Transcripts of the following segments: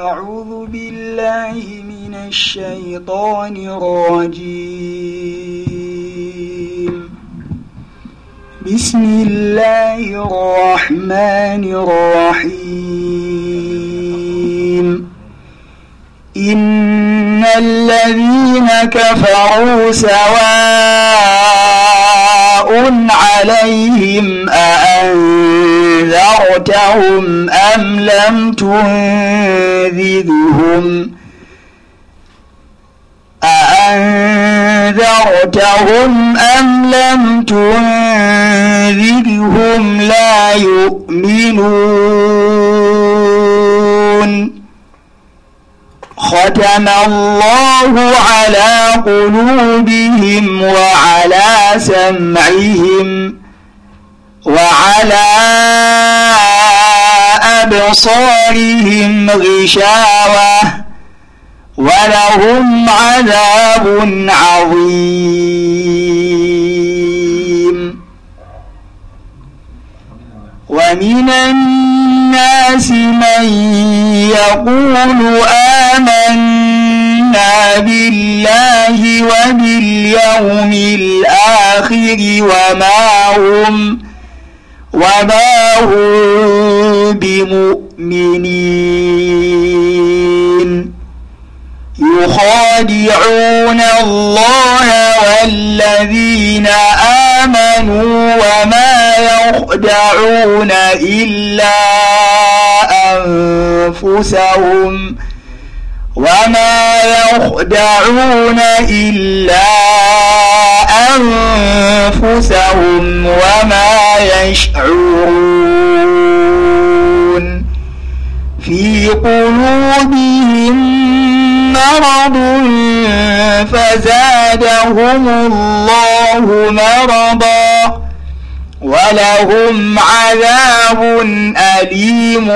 أعوذ بالله من الشيطان الرجيم بسم الله الرحمن الرحيم إن الذين كفروا سواء عليهم أأنذرتهم أم لم تنذذهم أأنذرتهم أم لم تنذرهم لا يؤمنون ختم الله على قلوبهم وعلى سمعهم وعلى أبصارهم غشاوة ولهم عذاب عظيم ومن الناس الناس من يقول آمنا بالله وباليوم الآخر وما هم وما هم بمؤمنين يخادعون الله والذين آمنوا وما يخدعون إلا أنفسهم وما يخدعون إلا أنفسهم وما يشعرون في قلوبهم مرض فزادهم الله مرضا ولهم عذاب أليم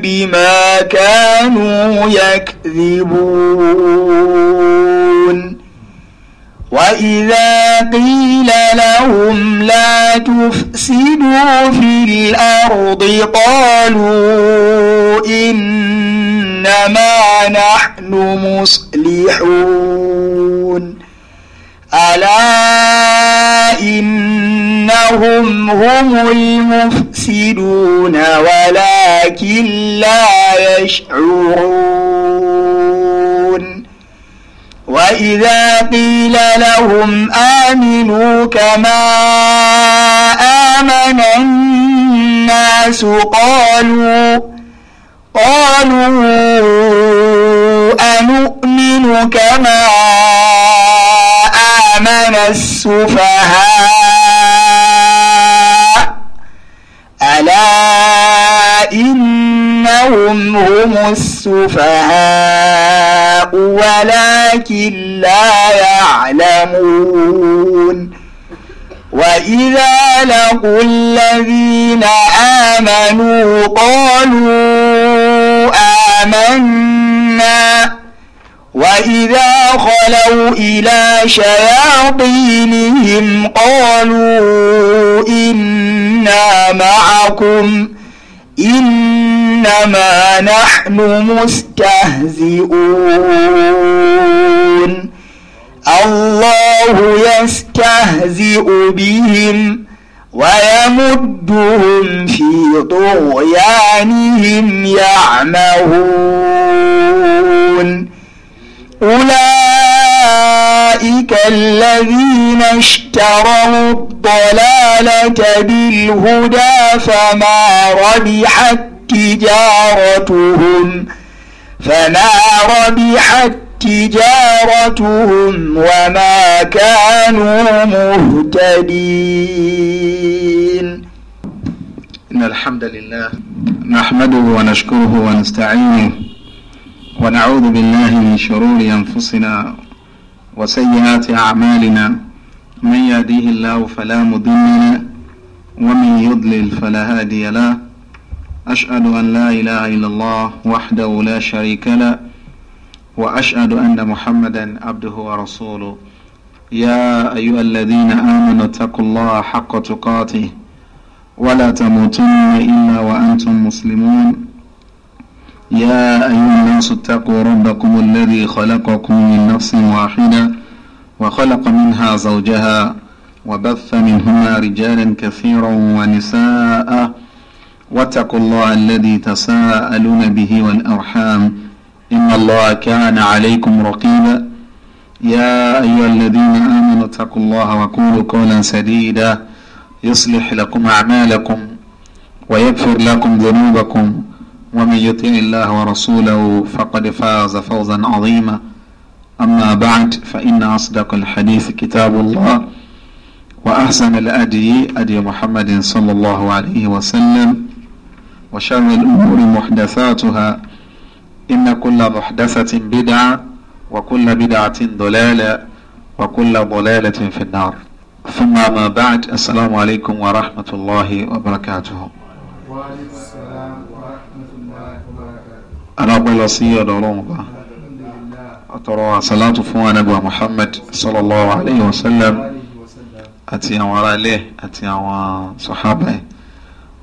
بما كانوا يكذبون وإذا قيل لهم لا تفسدوا في الأرض قالوا إن إنما نحن مصلحون ألا إنهم هم المفسدون ولكن لا يشعرون وإذا قيل لهم آمنوا كما آمن الناس قالوا قالوا أنؤمن كما آمن السفهاء ألا إنهم هم السفهاء ولكن لا يعلمون وإذا لقوا الذين آمنوا قالوا آمنا وإذا خلوا إلى شياطينهم قالوا إنا معكم إنما نحن مستهزئون الله يستهزئ بهم ويمدهم في طغيانهم يعمهون أولئك الذين اشتروا الضلالة بالهدى فما ربحت تجارتهم فما ربحت تجارتهم وما كانوا مهتدين إن الحمد لله نحمده ونشكره ونستعينه ونعوذ بالله من شرور أنفسنا وسيئات أعمالنا من يهديه الله فلا مضل له ومن يضلل فلا هادي له أشهد أن لا إله إلا الله وحده لا شريك له وأشهد أن محمدا عبده ورسوله يا أيها الذين آمنوا اتقوا الله حق تقاته ولا تموتن إلا وأنتم مسلمون يا أيها الناس اتقوا ربكم الذي خلقكم من نفس واحدة وخلق منها زوجها وبث منهما رجالا كثيرا ونساء واتقوا الله الذي تساءلون به والأرحام إن الله كان عليكم رقيبا يا أيها الذين آمنوا اتقوا الله وقولوا قولا سديدا يصلح لكم أعمالكم ويغفر لكم ذنوبكم ومن يطع الله ورسوله فقد فاز فوزا عظيما أما بعد فإن أصدق الحديث كتاب الله وأحسن الأدي أدي محمد صلى الله عليه وسلم وشر الأمور محدثاتها إن كل محدثة بدعة وكل بدعة ضلالة وكل ضلالة في النار ثم ما بعد السلام عليكم ورحمة الله وبركاته وعليكم السلام ورحمة الله أنا بلسي دولوبا أترى صلاة فوان أبو محمد صلى الله عليه وسلم أتي وراء له أتي صحابه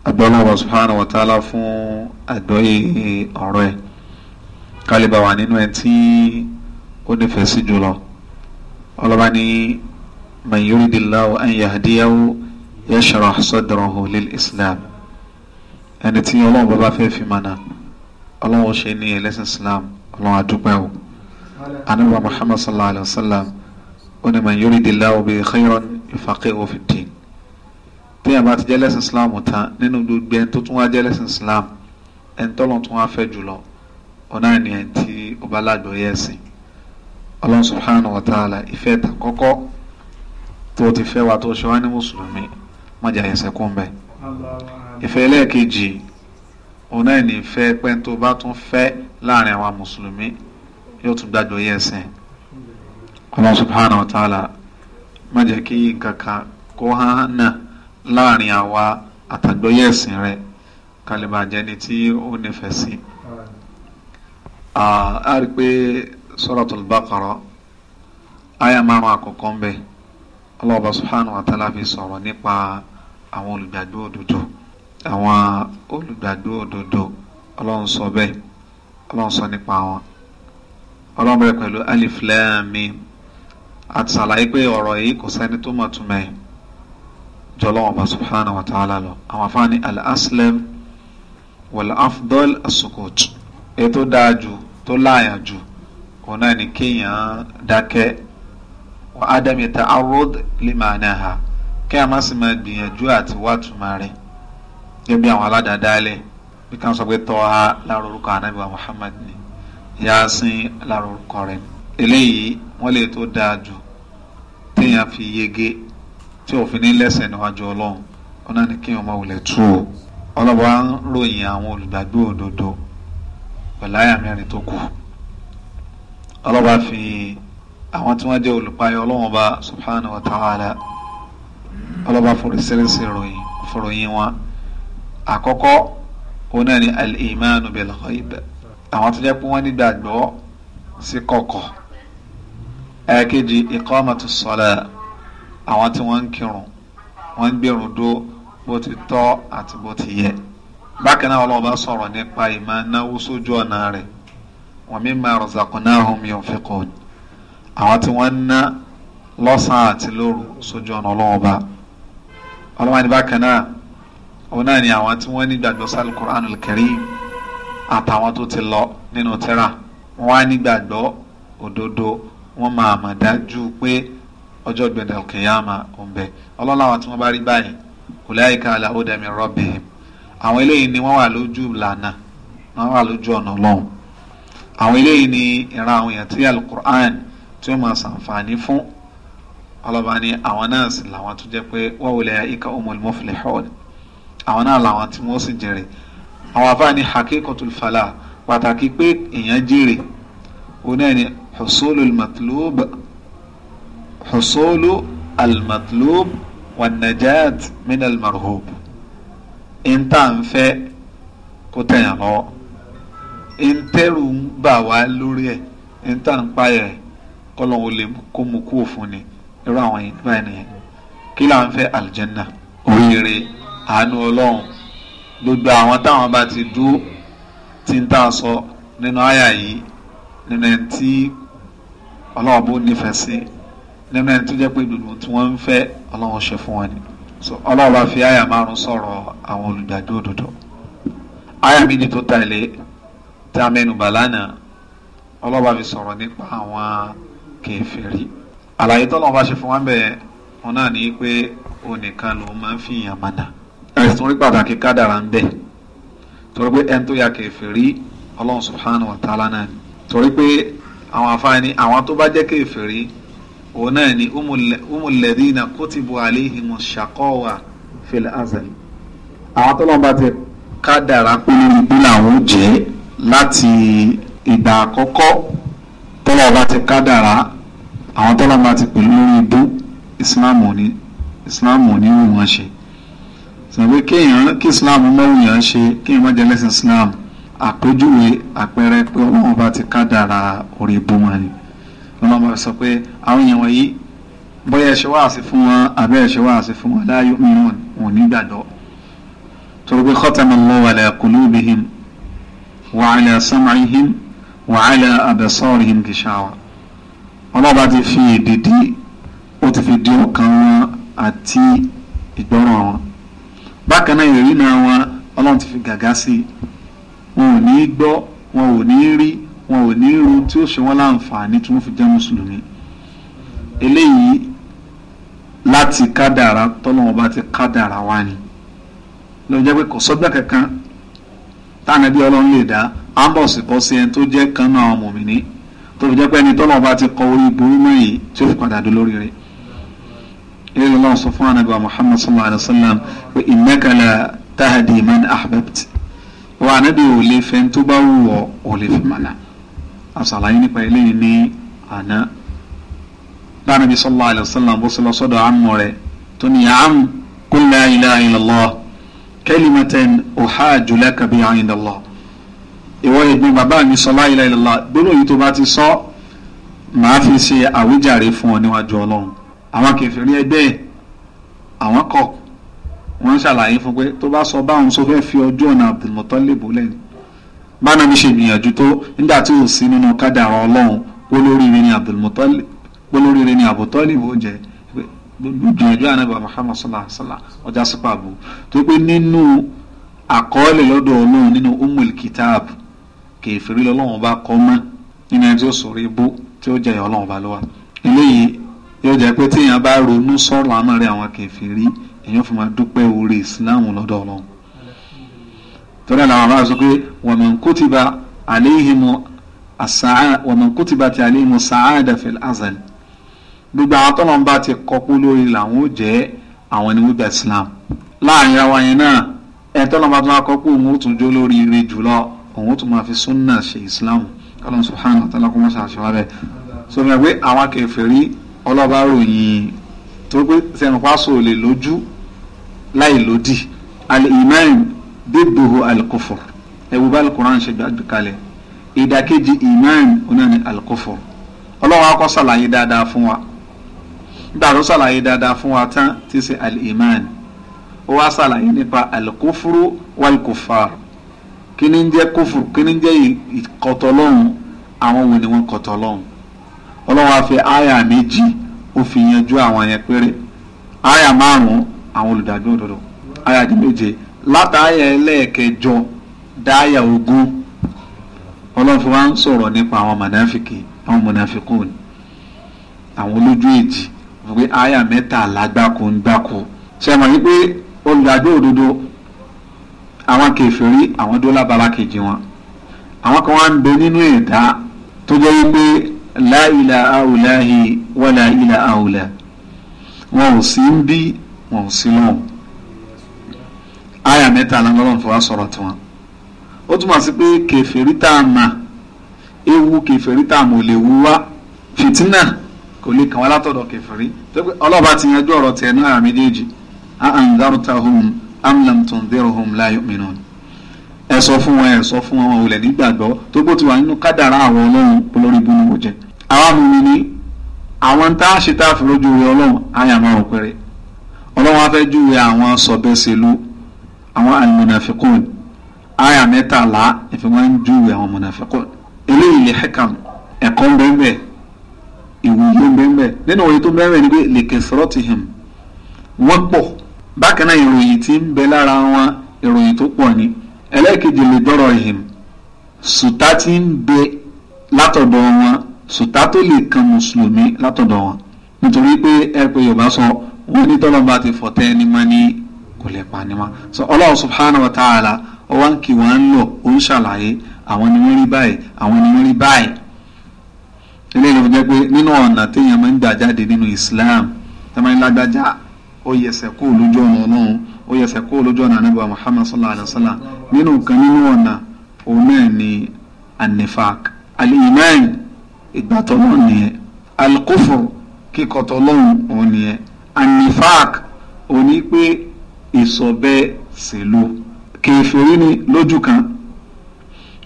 أبو الله سبحانه وتعالى فون أدوي أروي kálíbà wà nínú ẹ tí ó nífẹ̀ẹ́ sí jùlọ ọlọ́ba ní man yuridillahu an yahdiyahu yashrah sadrahu lil islam ẹni tí ọlọ́run bàbá fẹ́ fi mọ̀nà ọlọ́run ṣe ní ẹlẹ́sìn islam ọlọ́run àdúpẹ́ o anábà muhammad sallallahu alayhi wa sallam ó ní man yuridillahu bihi khayran yufaqihu fid-din tí a bá ti jẹ́ ẹlẹ́sìn islam tán nínú gbogbo ẹni tó tún wá jẹ́ ẹlẹ́sìn islam ẹni tọ́lọ́ tún wá fẹ́ jùlọ ọ̀nà ènìyàn tí ó bá lágbọ̀ọ́yé ẹ̀sìn Allah subhanahu wa ta'ala ìfẹ́ ta kọ́kọ́ tó ti fẹ́ wa tó ṣe wá ní mùsùlùmí mọ̀jà ẹ̀sẹ̀ kún bẹ́ẹ̀ ìfẹ́ ẹlẹ́ẹ̀kejì ọ̀nà ènìyàn fẹ́ pẹ́ tó bá tún fẹ́ láàrin àwọn mùsùlùmí yóò tún lágbọ̀ọ́yé ẹ̀sìn Allah subhanahu wa ta'ala mọ̀jà kí nǹkan kan kó hàn náà láàrin àwa àtàgbọ́yé ẹ̀sìn rẹ̀ kálíbà jẹ́ni tí ó nífẹ̀ẹ́ sí i a rí pé suratul baqara aya márùn àkọ́kọ́ ń bẹ Allah subhanahu wa ta'ala fi sọ̀rọ̀ nípa àwọn olùgbàgbọ́ òdodo àwọn olùgbàgbọ́ òdodo ọlọ́run sọ bẹ́ẹ̀ ọlọ́run sọ nípa wọn ọlọ́run bẹ̀rẹ̀ pẹ̀lú alif àti sàlàyé pé ọ̀rọ̀ yìí kò sẹ́ni tó mọ̀ túmẹ̀ jọlọ́wọ́n bá subhanahu wa ta'ala lọ àwọn afáàní al-aslam wal-afdal dáa jù tó láàyàn jù òun náà ni kéèyàn dákẹ́ adam yẹta arod limanaha kí a má sì máa gbìyànjú àti wá tuma rẹ̀ gẹ́gẹ́ bí àwọn aládàádáálẹ̀ bí kan sọ pé tọ́ha wa muhammad ni yaasin eléyìí fi yege tí òfin ní lẹ́sẹ̀ níwájú ọlọ́run ni kéèyàn máa wulẹ̀ tú o ọlọ́wọ́ á ń ròyìn àwọn pẹ̀lú àyà mẹ́rin tó kù ọlọ́ba fi àwọn tí wọ́n jẹ́ olùpayọ ọlọ́wọ́n bá subhanahu wa ta'ala ọlọ́ba forísẹ́rẹ́sì ròyìn fòròyìn wọn àkọ́kọ́ òun náà ni al-imanu bil-ghaib àwọn tó jẹ́ pé wọ́n nígbàgbọ́ sí kọ̀kọ̀ ẹ̀ẹ́kejì iqamatu salat àwọn tí wọ́n ń kírun wọ́n ń gbèrún dó bó ti tọ́ àti bó ti yẹ bákan náà ọlọ́ọ̀bá sọ̀rọ̀ nípa ìmọ̀ náwó sójú ọ̀nà rẹ̀ wa mimma razaqnahum yunfiqun àwọn tí wọ́n ń ná lọ́sàn-án àti lóru sójú ọ̀nà ọlọ́ọ̀bá ọlọ́wọ́n ní bákan náà òun náà ni àwọn tí wọ́n ní gbàgbọ́ sálù Qur'anul Karim àtàwọn tó ti lọ nínú tẹ́ra wọ́n wá ní gbàgbọ́ òdodo wọ́n máa mọ̀ dájú pé ọjọ́ gbẹ̀dẹ̀ kìyàmà òun bẹ̀ ọlọ́lá àwọn tí wọ́n bá rí báyìí ulaika ala hudan min rabbihim àwọn eléyìí ni wọ́n wà lójú ìlànà wọ́n wà lójú ọ̀nà ọlọ́run àwọn eléyìí ni ìran àwọn èèyàn tí alukur'an tí ó máa ṣàǹfààní fún ọlọ́ba ni àwọn náà sì làwọn tó jẹ́ pé wa ulaika humul muflihun àwọn náà làwọn tí wọ́n sì jèrè àwọn afáà ní haqiqatul fala pàtàkì pé èèyàn jèrè òun náà ni husulul matlub najat min al ntà ń fẹ́ kó tẹ̀yàn lọ́wọ́ ntẹ́rù ń bà wá lórí ẹ̀ ntà ń payẹ̀ kọ́lọ́hún lè kó mu kú òfun ni irú àwọn yìí báyìí nìyẹn kí là ń fẹ́ àlùjẹ́nà oríire àánú ọlọ́run gbogbo àwọn táwọn bá ti dúró tí ń tà sọ nínú àyà yìí nínú ẹ̀ tí ọlọ́run bó nífẹ̀ẹ́ sí nínú ẹ̀ tó jẹ́ pé gbogbo tí wọ́n ń fẹ́ ọlọ́run ṣe fún wọn ni so ọlọ́run bá fi àyà márùn sọ̀rọ̀ àwọn olùgbàgbọ́ òdodo àyà méjì tó tẹ̀lé tí a mẹ́nubà lánàá ọlọ́run bá fi sọ̀rọ̀ nípa àwọn kèfèrí àlàyé tọ́lọ́run bá ṣe fún wa bẹ́ẹ̀ wọn náà ní pé onìkan lòun máa ń fi ìyàn mọ̀nà ẹ̀sùn rí pàtàkì kádàrà ń bẹ torí pé ẹni tó ya kèfèrí ọlọ́run subhanahu wa ta'ala náà torí pé àwọn afáàní àwọn tó bá jẹ́ kèfèrí òun náà ni umulẹ̀dínà kótìbù àléhìmọ̀ ṣàkọ́wà fil azal. àwọn tó lọ́n bá ti kádàrá pé nínú ibi làwọn jẹ́ láti ìgbà àkọ́kọ́ tó lọ́n bá ti kádàrá àwọn tó lọ́n bá ti pè lórí ibú ìsìláàmù ni ìsìláàmù ni wọ́n ṣe sọ̀rọ̀ kéèyàn kí ìsìláàmù mọ́wùyàn ṣe kéèyàn má jẹ́ lẹ́sìn ìsìláàmù àpẹẹrẹ pé ọlọ́run bá ti kádàrá orí ibú mọ́ ni ni wọ́n máa sọ pé àwọn èèyàn wọ̀nyí bóyá ẹ̀ṣẹ̀ wá sí fún wọn àbẹ́ ẹ̀ṣẹ̀ wá sí fún wọn la yu'minun wọn ní gbàgbọ́ torí pé khatamallahu ala qulubihim wa ala sam'ihim wa ala absarihim gishawa ọlọ́ba ti fi èdìdí ó ti fi di ọkàn wọn àti ìgbọ́ràn wọn bákan náà ìrìnà wọn ọlọ́run ti fi gàgá sí wọn ò ní gbọ́ wọn ò ní rí wọn ò ní irun tí ó ṣe wọn láǹfààní tí wọn fi jẹ́ mùsùlùmí eléyìí láti kádàrá tọ́lọ́wọ́n bá ti kádàrá wá ni ló jẹ́ pé kò sọ́gbà kankan táwọn ẹbí ọlọ́run lè dá ambos kọ́ sí ẹni tó jẹ́ kan náà àwọn mòmìnì tó fi jẹ́ pé ẹni tọ́lọ́wọ́n bá ti kọ orí burú mẹ́yìn tí ó fi padà dé lórí rẹ̀ ilé lọ́wọ́ sọ fún anabi muhammad sallallahu alayhi wa sallam pé innaka la tahdi man ahbabta anabi ò lè fẹ́ tó bá wù ọ́ ò lè fi mọ̀nà àṣàlàyé nípa eléyìí ní àná lánàá bí sallallahu alaihi wasallam bó ṣe lọ sọ́dọ̀ àmú rẹ̀ tó ní àmú qul la ilaha illallah kalimatan uhajju laka biha inda Allah ìwọ ìgbìn bàbá mi sọ la ilaha illallah gbólóyìn tó bá ti sọ màá fi ṣe àwíjàre fún ọ níwájú Ọlọ́run àwọn kèfèrí ẹgbẹ́ ẹ̀ àwọn kọ̀ wọ́n ṣàlàyé fún pé tó bá sọ báwọn sọ fẹ́ fi ọjọ́ ọ̀nà Abdul Muttalib lẹ́yìn báná mi ṣe gbìyànjú tó nígbà tí ò sí nínú kádàrá ọlọ́run olóríire ni abdulmutalib olóríire ni abutalib ó jẹ lójúẹjọ anábà muhammad sallallahu alaihi wa sallam ọjà sípàbù tó pé nínú àkọọ́lẹ̀ lọ́dọ̀ ọlọ́run nínú umul kitab kèfèrí lọ́lọ́run bá kọ́ mọ́ nínú ẹni tí ó sọ̀rọ̀ ibú tí ó jẹyọ ọlọ́run bá lọ́wọ́ eléyìí yóò jẹ́ pé téèyàn bá ronú sọ̀rọ̀ àmọ́ rẹ̀ àwọn kèfèrí èèyàn fún torí àwọn àwọn afáàsọ pé wa man kutiba alayhimu as-sa'a wa man kutibat alayhimu as-sa'ada fil azal gbogbo àwọn tọ́lọ̀ ń bá ti kọ́kú lórí làwọn ó jẹ́ àwọn ẹni wíbẹ̀ Islam láàrin àwọn yẹn náà ẹ tọ́lọ̀ bá tún wá kọ́kú òun ó tún jó lórí ire jùlọ òun ó tún máa fi súnà ṣe Islam kọ́lọ́n subhanahu wa ta'ala kó má ṣàṣewá bẹ́ẹ̀ so mi pé àwọn kèfèrí ọlọ́ba ròyìn tó pé sẹ́nu pásò lè lójú láì lòdì al-iman dídùhù alkufur ẹ̀wù bá alukuran ṣe gbàgbékalẹ̀ ìdàkejì iman onáà ní alkufur ọlọ́wọ́ akọ́ sàlàyé dáadáa fún wa nígbà tó sàlàyé dáadáa fún wa tán ti ṣe aliman ó wá sàlàyé nípa alkufuru walkufar kí ni ń jẹ́ kufur kí ni ń jẹ́ ìkọtọ́lọ́hún àwọn wo ni wọ́n kọtọ́lọ́hún ọlọ́wọ́ àfi àyà méjì ó fi yanjú àwọn yẹn péré àyà márùn-ún àwọn olùdàgbé òdodo àyà méje látàáyà ẹlẹ́ẹ̀kẹjọ dáàyà ogún ọlọ́run fi wá ń sọ̀rọ̀ nípa àwọn mọ̀nàfìkì àwọn mọ̀nàfìkùn àwọn olójú èjì wípé àyà mẹ́tàlá gbáko ń gbáko ṣe mọ̀ wípé olùdájọ́ òdodo àwọn kèfèrí àwọn dọ́là bala kejì wọn àwọn kan wá ń bẹ nínú ẹ̀dá tó jẹ́ wípé láìla àwùláhi wọ́lá ìlà àwùlá wọn ò sí ń bí wọn ò sí lọ́hùn àyà mẹ́ta lọ́lọ́run fún wa sọrọ tiwọn ó túmọ̀ sí pé kèfèrí a mà ewu kèfèrí tá a lè wú fìtínà kò lè kàn wá látọ̀dọ̀ kèfèrí ọlọ́ba ti yanjú ọ̀rọ̀ tiẹ̀ ní àyà méjèèjì ẹ sọ fún wọn ẹ sọ fún wọn ò tó ti wà nínú kádàrá àwọn mo jẹ àwa mi àwọn tá a ṣe tá a fi rẹ àyà máa àwọn almunafikun aya mẹ́tàlá ìfimọ́n júwe àwọn munafikun eléyìí lè hekam ẹ̀kọ́ bẹ́ẹ̀ ìwúyó bẹ́ẹ̀ nínú òye tó bẹ́ẹ̀ ni pé lè kẹsọ̀rọ̀ ti hàn wọ́n pọ̀ bákan náà ìròyìn tí ń bẹ lára wọn ìròyìn tó pọ̀ ni ẹlẹ́ẹ̀kejì lè dọ́rọ̀ ìhìn sùtá tí ń bẹ látọ̀dọ̀ wọn sùtá tó lè kan mùsùlùmí látọ̀dọ̀ wọn nítorí pé ẹ pé yorùbá sọ wọn ní tọ́lọ́ba ti fọ̀tẹ́ ẹni mọ́ ní kò lè pani wọn. sọ ọlọ́run subhanahu wa ta'ala ọwọ́ kí wọ́n ń lò ó ń ṣàlàyé àwọn ni wọ́n rí báyìí àwọn ni wọ́n rí báyìí. eléyìí ló fi jẹ́ pé nínú ọ̀nà téèyàn máa ń gbà jáde nínú Islam tẹ́mọ̀ẹ́ lágbájá ó yẹsẹ̀ kó lójú ọ̀nà ọlọ́run ó yẹsẹ̀ kó lójú ọ̀nà anábì wa Muhammad sallallahu alayhi wa sallam nínú kan nínú ọ̀nà òun náà ni anifak al-iman ìgbàtọ̀ náà nìyẹn al kíkọ̀tọ̀ lọ́hùn òun nìyẹn anifak òní pé ìsọ̀bẹ sèlú kèfèrí ni lójú kan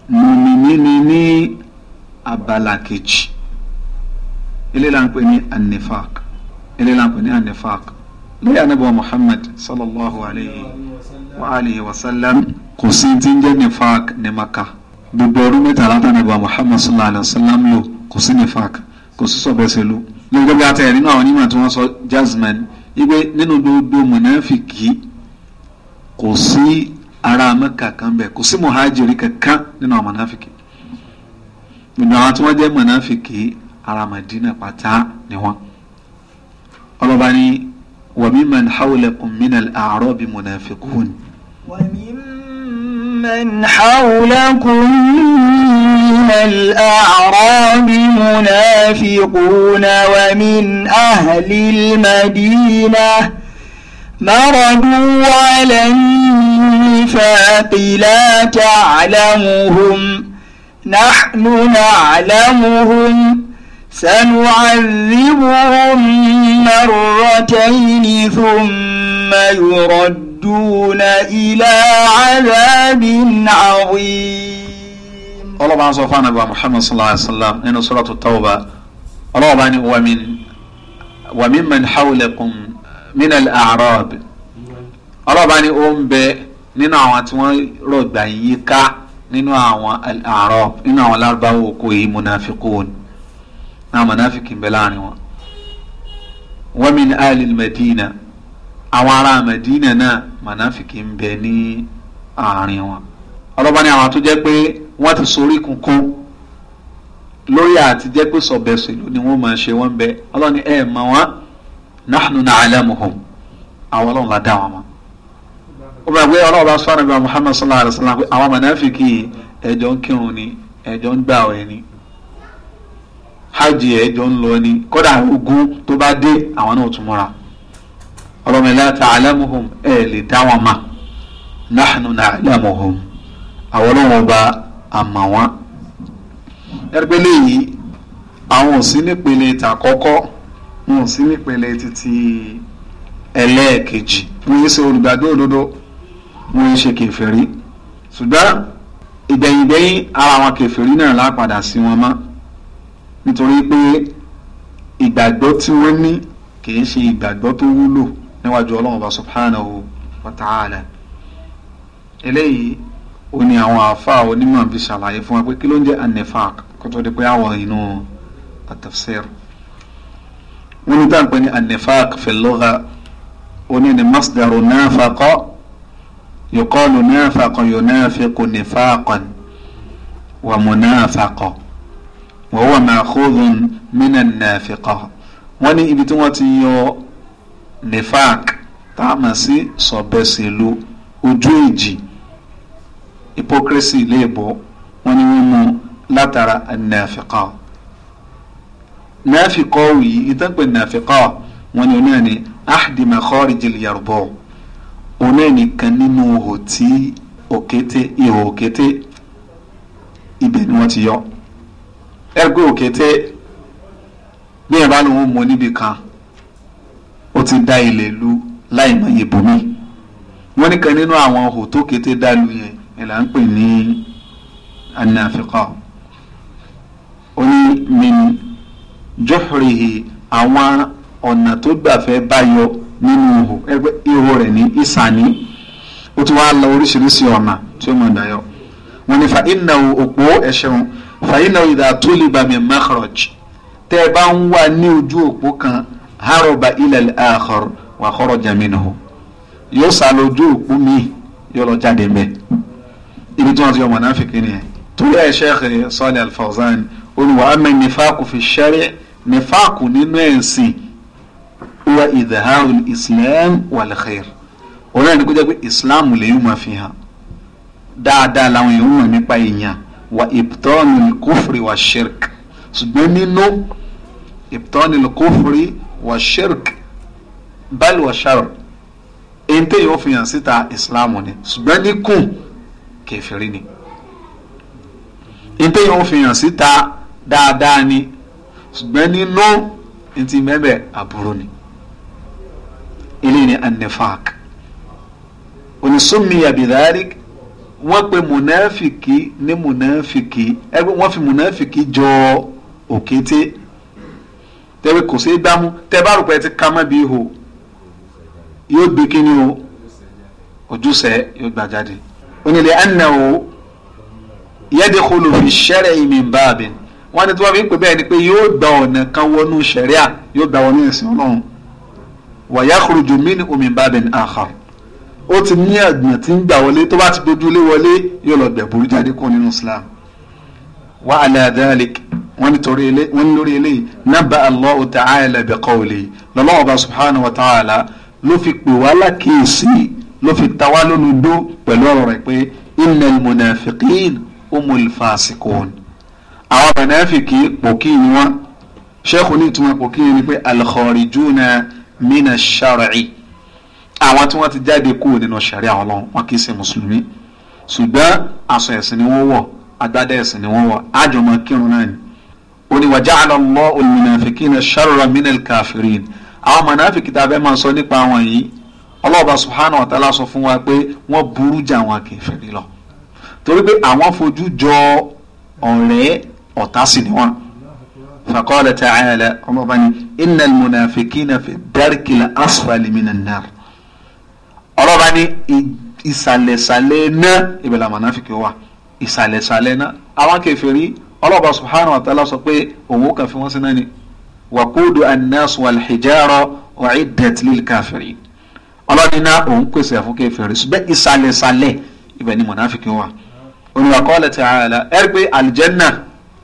mùmìnì ni ní abala kejì eléyìí là ní anifak eléyìí là ní anifak lórí anábọ̀ Muhammad sallallahu alayhi wa alayhi wa sallam kò sí ti ń jẹ́ nifak ní maka gbogbo ọdún mẹ́ta látànàbọ̀ Muhammad sallallahu alayhi wa sallam lò kò sí nifak kò sí sọ̀bẹ sèlú lórí gbogbo àtẹ̀yẹ̀ nínú àwọn onímọ̀ tí wọ́n sọ jasmine igbe nínú gbogbo mùnàfìkì kò sí ará Mẹ́kà kan bẹ́ẹ̀ kò sí muhajiri kankan nínú àwọn mọ̀náfìkì gbogbo àwọn tí wọ́n jẹ́ mọ̀náfìkì ará Madina pátá ni wọ́n ọlọ́ba ní wàmí man hawlakum minal a'rabi munafiqun. wàmí من حولكم من الأعراب منافقون ومن أهل المدينة مرضوا على النفاق لا تعلمهم نحن نعلمهم سنعذبهم مرتين ثم يردون إلى عذاب عظيم الله عز وجل نبي محمد صلى الله عليه وسلم إن سورة التوبة الله ومن ومن وممن حولكم nínú àrọ́ọ̀bì ọlọ́ba ni ó ń bẹ nínú àwọn tí wọ́n rọ̀gbà yí ká nínú àwọn àrọ́ọ̀bì nínú àwọn lárúbáwò oko yìí munafikun náà munafiki ń bẹ láàrin wọn. wa min alil madina àwọn ará madina náà munafiki ń bẹ ní àárín wọn. ọlọ́ba ni àwọn tó jẹ́ pé wọ́n ti sorí kunkun lórí àti pé sọ̀bẹ̀sẹ̀ ló ni wọ́n máa ṣe wọ́n bẹ ọlọ́ni ẹ̀ mọ̀ wọ́n. nahnu na'lamuhum àwọn ọlọ́run la dá wọn mọ́ ó bá gbé ọlọ́run bá sọ àrùn muhammad sallallahu alayhi wa sallam pé àwọn mọ̀nàfíkì ẹ̀jọ̀ ń kírun ni ẹ̀jọ̀ ń gbààwẹ̀ ni hajj ẹ̀jọ̀ ń lọ ni kódà ogun tó bá dé àwọn náà tún múra ọlọ́run la lè dá wọn nahnu àwọn ọlọ́run àmà wọn ẹgbẹ́ lẹ́yìn àwọn ò sí nípele ìtàkọ́kọ́ wọn ò sí nípele títí ẹlẹ́ẹ̀kejì wọn yìí ṣe olùgbàgbọ́ òdodo wọn yìí ṣe kèfèrí ṣùgbọ́n ìgbẹ̀yìngbẹ̀yìn ara àwọn kèfèrí náà lápadà sí wọn mọ́ nítorí pé ìgbàgbọ́ tí wọ́n ní kìí ṣe ìgbàgbọ́ tó wúlò níwájú ọlọ́run bá subhanahu wa ta'ala eléyìí ó ní àwọn àáfàá onímọ̀ bí ṣàlàyé fún wa pé kí ló ń jẹ́ anifak kó tó di pé àwọn inú atafsir wọ́n ní táǹpẹ ní anifaq fil-lugha oní ni masdaru nafaqa yuqalu nafaqa yunafiqu nifaqan wa munafaqa wa huwa ma'khudhun min an-nafiqa wọ́n ní ibi tí wọ́n ti yọ nifaq táàmà sí sọ̀bẹ̀sẹ̀lú ojú èjì hypocrisy léèbọ̀ wọ́n ní wọ́n mú látara an náfìkọ́wì yìí ìtàn pé náfìkọ́ wọn ni oní ẹni ahdima kharijil yarbọ oní ẹni kan nínú ihò tí òkété ihò òkété ibẹ̀ ni wọ́n ti yọ ẹgbẹ́ òkété bí ẹ bá lóun mọ níbi kan ó ti dá ilẹ̀ lu láì mọ ibùmí wọ́n ní kan nínú àwọn ihò tó kété dá lu yẹn ẹ̀ ń pè ní anáfíkọ́ ó mímu jọ́hùrìhì àwọn ọ̀nà tó gbà fẹ́ báyọ nínú ihò ẹgbẹ́ ihò rẹ̀ ní ìsàní ó ti wá lọ oríṣiríṣi ọ̀nà tí ó mọ̀ dáyọ. wọ́n ní fa iná òpó ẹ̀ṣẹ̀wọ̀n fa iná ìdá tó lè bàmí makhraj tẹ́ ẹ bá ń wà ní ojú òpó kan haroba ilẹ̀ akhar wà kharaja minhu yóò sá lójú òpó míì yóò lọ jáde mbẹ ibi tí wọn ti yọ mọ̀nàfíkì nìyẹn ẹ̀ Sheikh Salih Al-Fawzan olùwà amẹ́nifáàkù fi shari' nífàkù nínú ẹ̀sìn wa ìdáhàrù islam wàlẹ́xẹ́r òun náà ní kó jẹ́ pé islam lèyìn máa fi hàn dáadáa làwọn èèyàn mọ̀ nípa èèyàn wa ìbtọ́nù kófìrí wa shirk ṣùgbọ́n nínú ìbtọ́nù kófìrí wa shirk báyìí wa shar èyí tẹ́yìn fi hàn síta islam ni ṣùgbọ́n ní kẹfìrí ni èyí tẹ́yìn fi hàn síta dáadáa ni ṣùgbọ́n nínú ntí mẹ́bẹ̀ àbúrò ni eléyìí ni anifak onísùnmi abidari wọ́n pe munafiki ní munafiki ẹgbẹ́ wọ́n fi munafiki jọ òkété tẹ́wé kò sí gbámú tẹ́ bá rò pé ti ká mọ́ bí ihò yóò gbé kíni o ojúṣe yóò gbà jáde onílé annahu yadkhulu fi shar'i min babin wọ́n ní tí wọ́n fi ń pè bẹ́ẹ̀ ni pé yóò gba ọ̀nà kan wọnú sẹ̀ríà yóò gba wọnú ẹ̀sìn ọlọ́run wàyà kúròjò mí ni omi bá bẹ̀ ní àhà ó ti ní àgbọ̀n tí ń gbà wọlé tó bá ti dojú ilé wọlé yóò lọ bẹ̀ burú jáde kó nínú Islam wa ala dhalik wọ́n ní lórí eléyìí nabba Allahu ta'ala bi qawli lọ́lọ́wọ́ bá subhanahu wa ta'ala ló fi pè wá lákèésí ló fi ta lónìí dó pẹ̀lú ọ̀rọ̀ rẹ̀ pé innal munafiqin umul fasikun àwọn mọ̀nàfìkì pòkì ni wọ́n ṣẹ́kù ní ìtumọ̀ pòkì ni pé al-kharijuna mina shar'i àwọn tí wọ́n ti jáde kúrò nínú ṣàríà àwọn ọlọ́run wọn kì í ṣe mùsùlùmí ṣùgbọ́n aṣọ ẹ̀sìn ni wọ́n wọ̀ agbádá ẹ̀sìn ni wọ́n wọ̀ àjọmọ̀ kírun náà ni ó ní wa ja'ala Allahu al-munafiqina sharra mina al àwọn mọ̀nàfìkì tá a máa sọ nípa àwọn yìí ọlọ́ọ̀bá subhanahu wa ta'ala sọ fún wa pé wọ́n burú jà wọn kèfèrí lọ torí pé àwọn fojú jọ ọ̀rẹ́ ọ̀tá sì ni wọ́n. faqala ta'ala ọlọ́ba ni innal munafikina fi darkil asfali minan nar. ọlọ́ba ni ìsàlẹ̀sàlẹ̀ náà ibẹ̀ làwọn munafiki wà ìsàlẹ̀sàlẹ̀ náà àwọn kèfèrí ọlọ́ba subhanahu wa ta'ala sọ pé òun kàn fi wọ́n sí náà ni wakudu annas wal hijara uiddat lil kafirin ọlọ́dínà òun pèsè àfúnkẹ́ fèrè ṣùgbọ́n ìsàlẹ̀sàlẹ̀ ibẹ̀ ni mọ̀nàfíkì wà. oníwàkọ́lẹ̀ ta'ala ẹ̀rí pé àlìjẹ́nà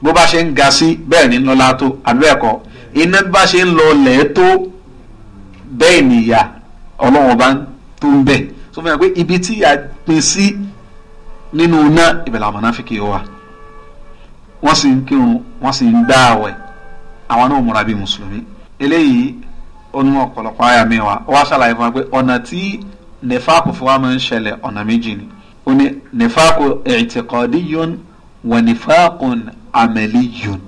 bó bá ṣe ń ga sí bẹ́ẹ̀ ní lọ́lá tó àbẹ́ẹ̀kọ́ iná bá ṣe ń lọ lẹ̀ tó bẹ́ẹ̀ nìyà ọlọ́run bá tó ń bẹ̀ tó fẹ́ràn pé ibi tí a pin sí nínú iná ìbẹ̀lẹ̀ àmọ́ná fi kì í wà wọ́n sì ń kírun wọ́n sì ń gbá àwẹ̀ àwọn náà múra bíi mùsùlùmí eléyìí ó ọ̀pọ̀lọpọ̀ àyà mi wá ó ṣàlàyé fún wa pé ọ̀nà tí nefaaku fún wa máa ń ṣẹlẹ̀ ọ̀nà méjì ni ó ní nefaaku i'tiqadiyyun wa nifaaqun عملي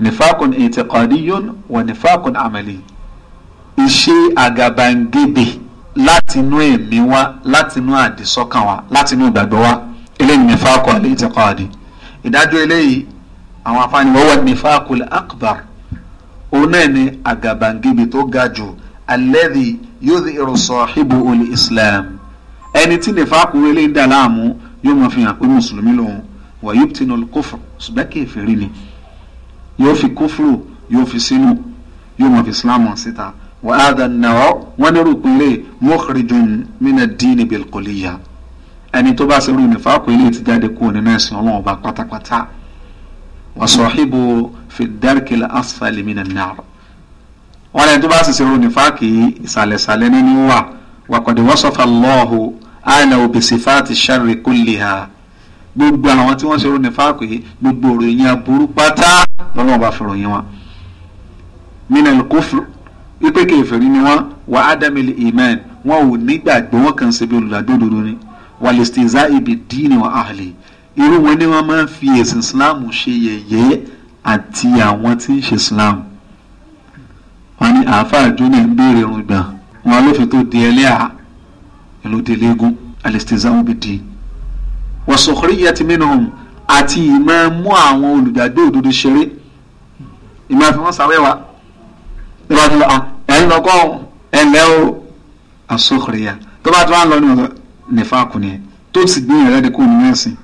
نفاق اعتقادي ونفاق عملي iṣẹ́ àgàbàǹgebè látinú ẹ̀mí wa látinú àdìsọ́kàn wa látinú ìgbàgbọ́ wa eléyìí nifaqu al-i'tiqadi ìdájọ́ eléyìí àwọn afáàní wọ́wọ́ nifaqu al-akbar òun náà ni àgàbàǹgebè tó ga jù alladhi yudhiru sahibuhu al-islam ẹni tí nifaqu eléyìí dà láàmú yóò máa fi hàn pé mùsùlùmí lòun wàyíb tí nol kófò ṣùgbọ́n kèfèrí ni yóò fi kófòrò yóò fi sínú yóò mọ̀ fi islam síta wà á dà nàá wọn ní rògbìnlẹ̀ mukhrijun mina dín bil kulliya ẹni tó bá ṣe rú nífà kò ilé ti jáde kúrò nínú ẹ̀sìn ọlọ́run ọba pátápátá wà sọ̀híbù fi dárkì asfali mina nàá wọn ẹni tó bá ṣe rú nífà kì í ìsàlẹ̀sàlẹ̀ nínú wà wà kọ̀dé wọ́sọ̀fà lọ́hùn àìlẹ̀ òbí sífàtì sharri kulliha gbogbo àwọn tí wọ́n ṣe ròyìn fáàkù yìí gbogbo ìròyìn aburú pátá lọ́nà ọba fi ròyìn wọn. minna kófù ipe kèfèrí ni wọn wà ádámẹ́lì iman wọn ò nígbàgbọ́ wọn kàn ṣe bí olùdàgbòdodo ni wà lè ṣe ìzá ibi díìnì wọn àhàlì irú wọn ni wọn máa ń fi ẹ̀sìn islam ṣe yẹ̀yẹ́ àti àwọn tí ń ṣe islam. wọn ní àáfàá jóná ń béèrè irun wọn ló fi tó di ẹlẹ́à ìlú délégún àlè ṣe ìzá ibi díìnì wasukhriyyati minhum àti ìmọ̀ mú àwọn olùgbàgbé òdodo ṣeré ìmọ̀ àfi wọ́n sàwẹ́wà ìmọ̀ àfi wọ́n ẹ̀ ń lọ́kọ́ ẹ̀ lẹ́ o àsọkùrìyà tó bá tó wà ń lọ ní ọ̀dọ̀ nìfà kùnìyàn tó sì gbìyànjú rẹ̀ kó nínú ẹ̀sìn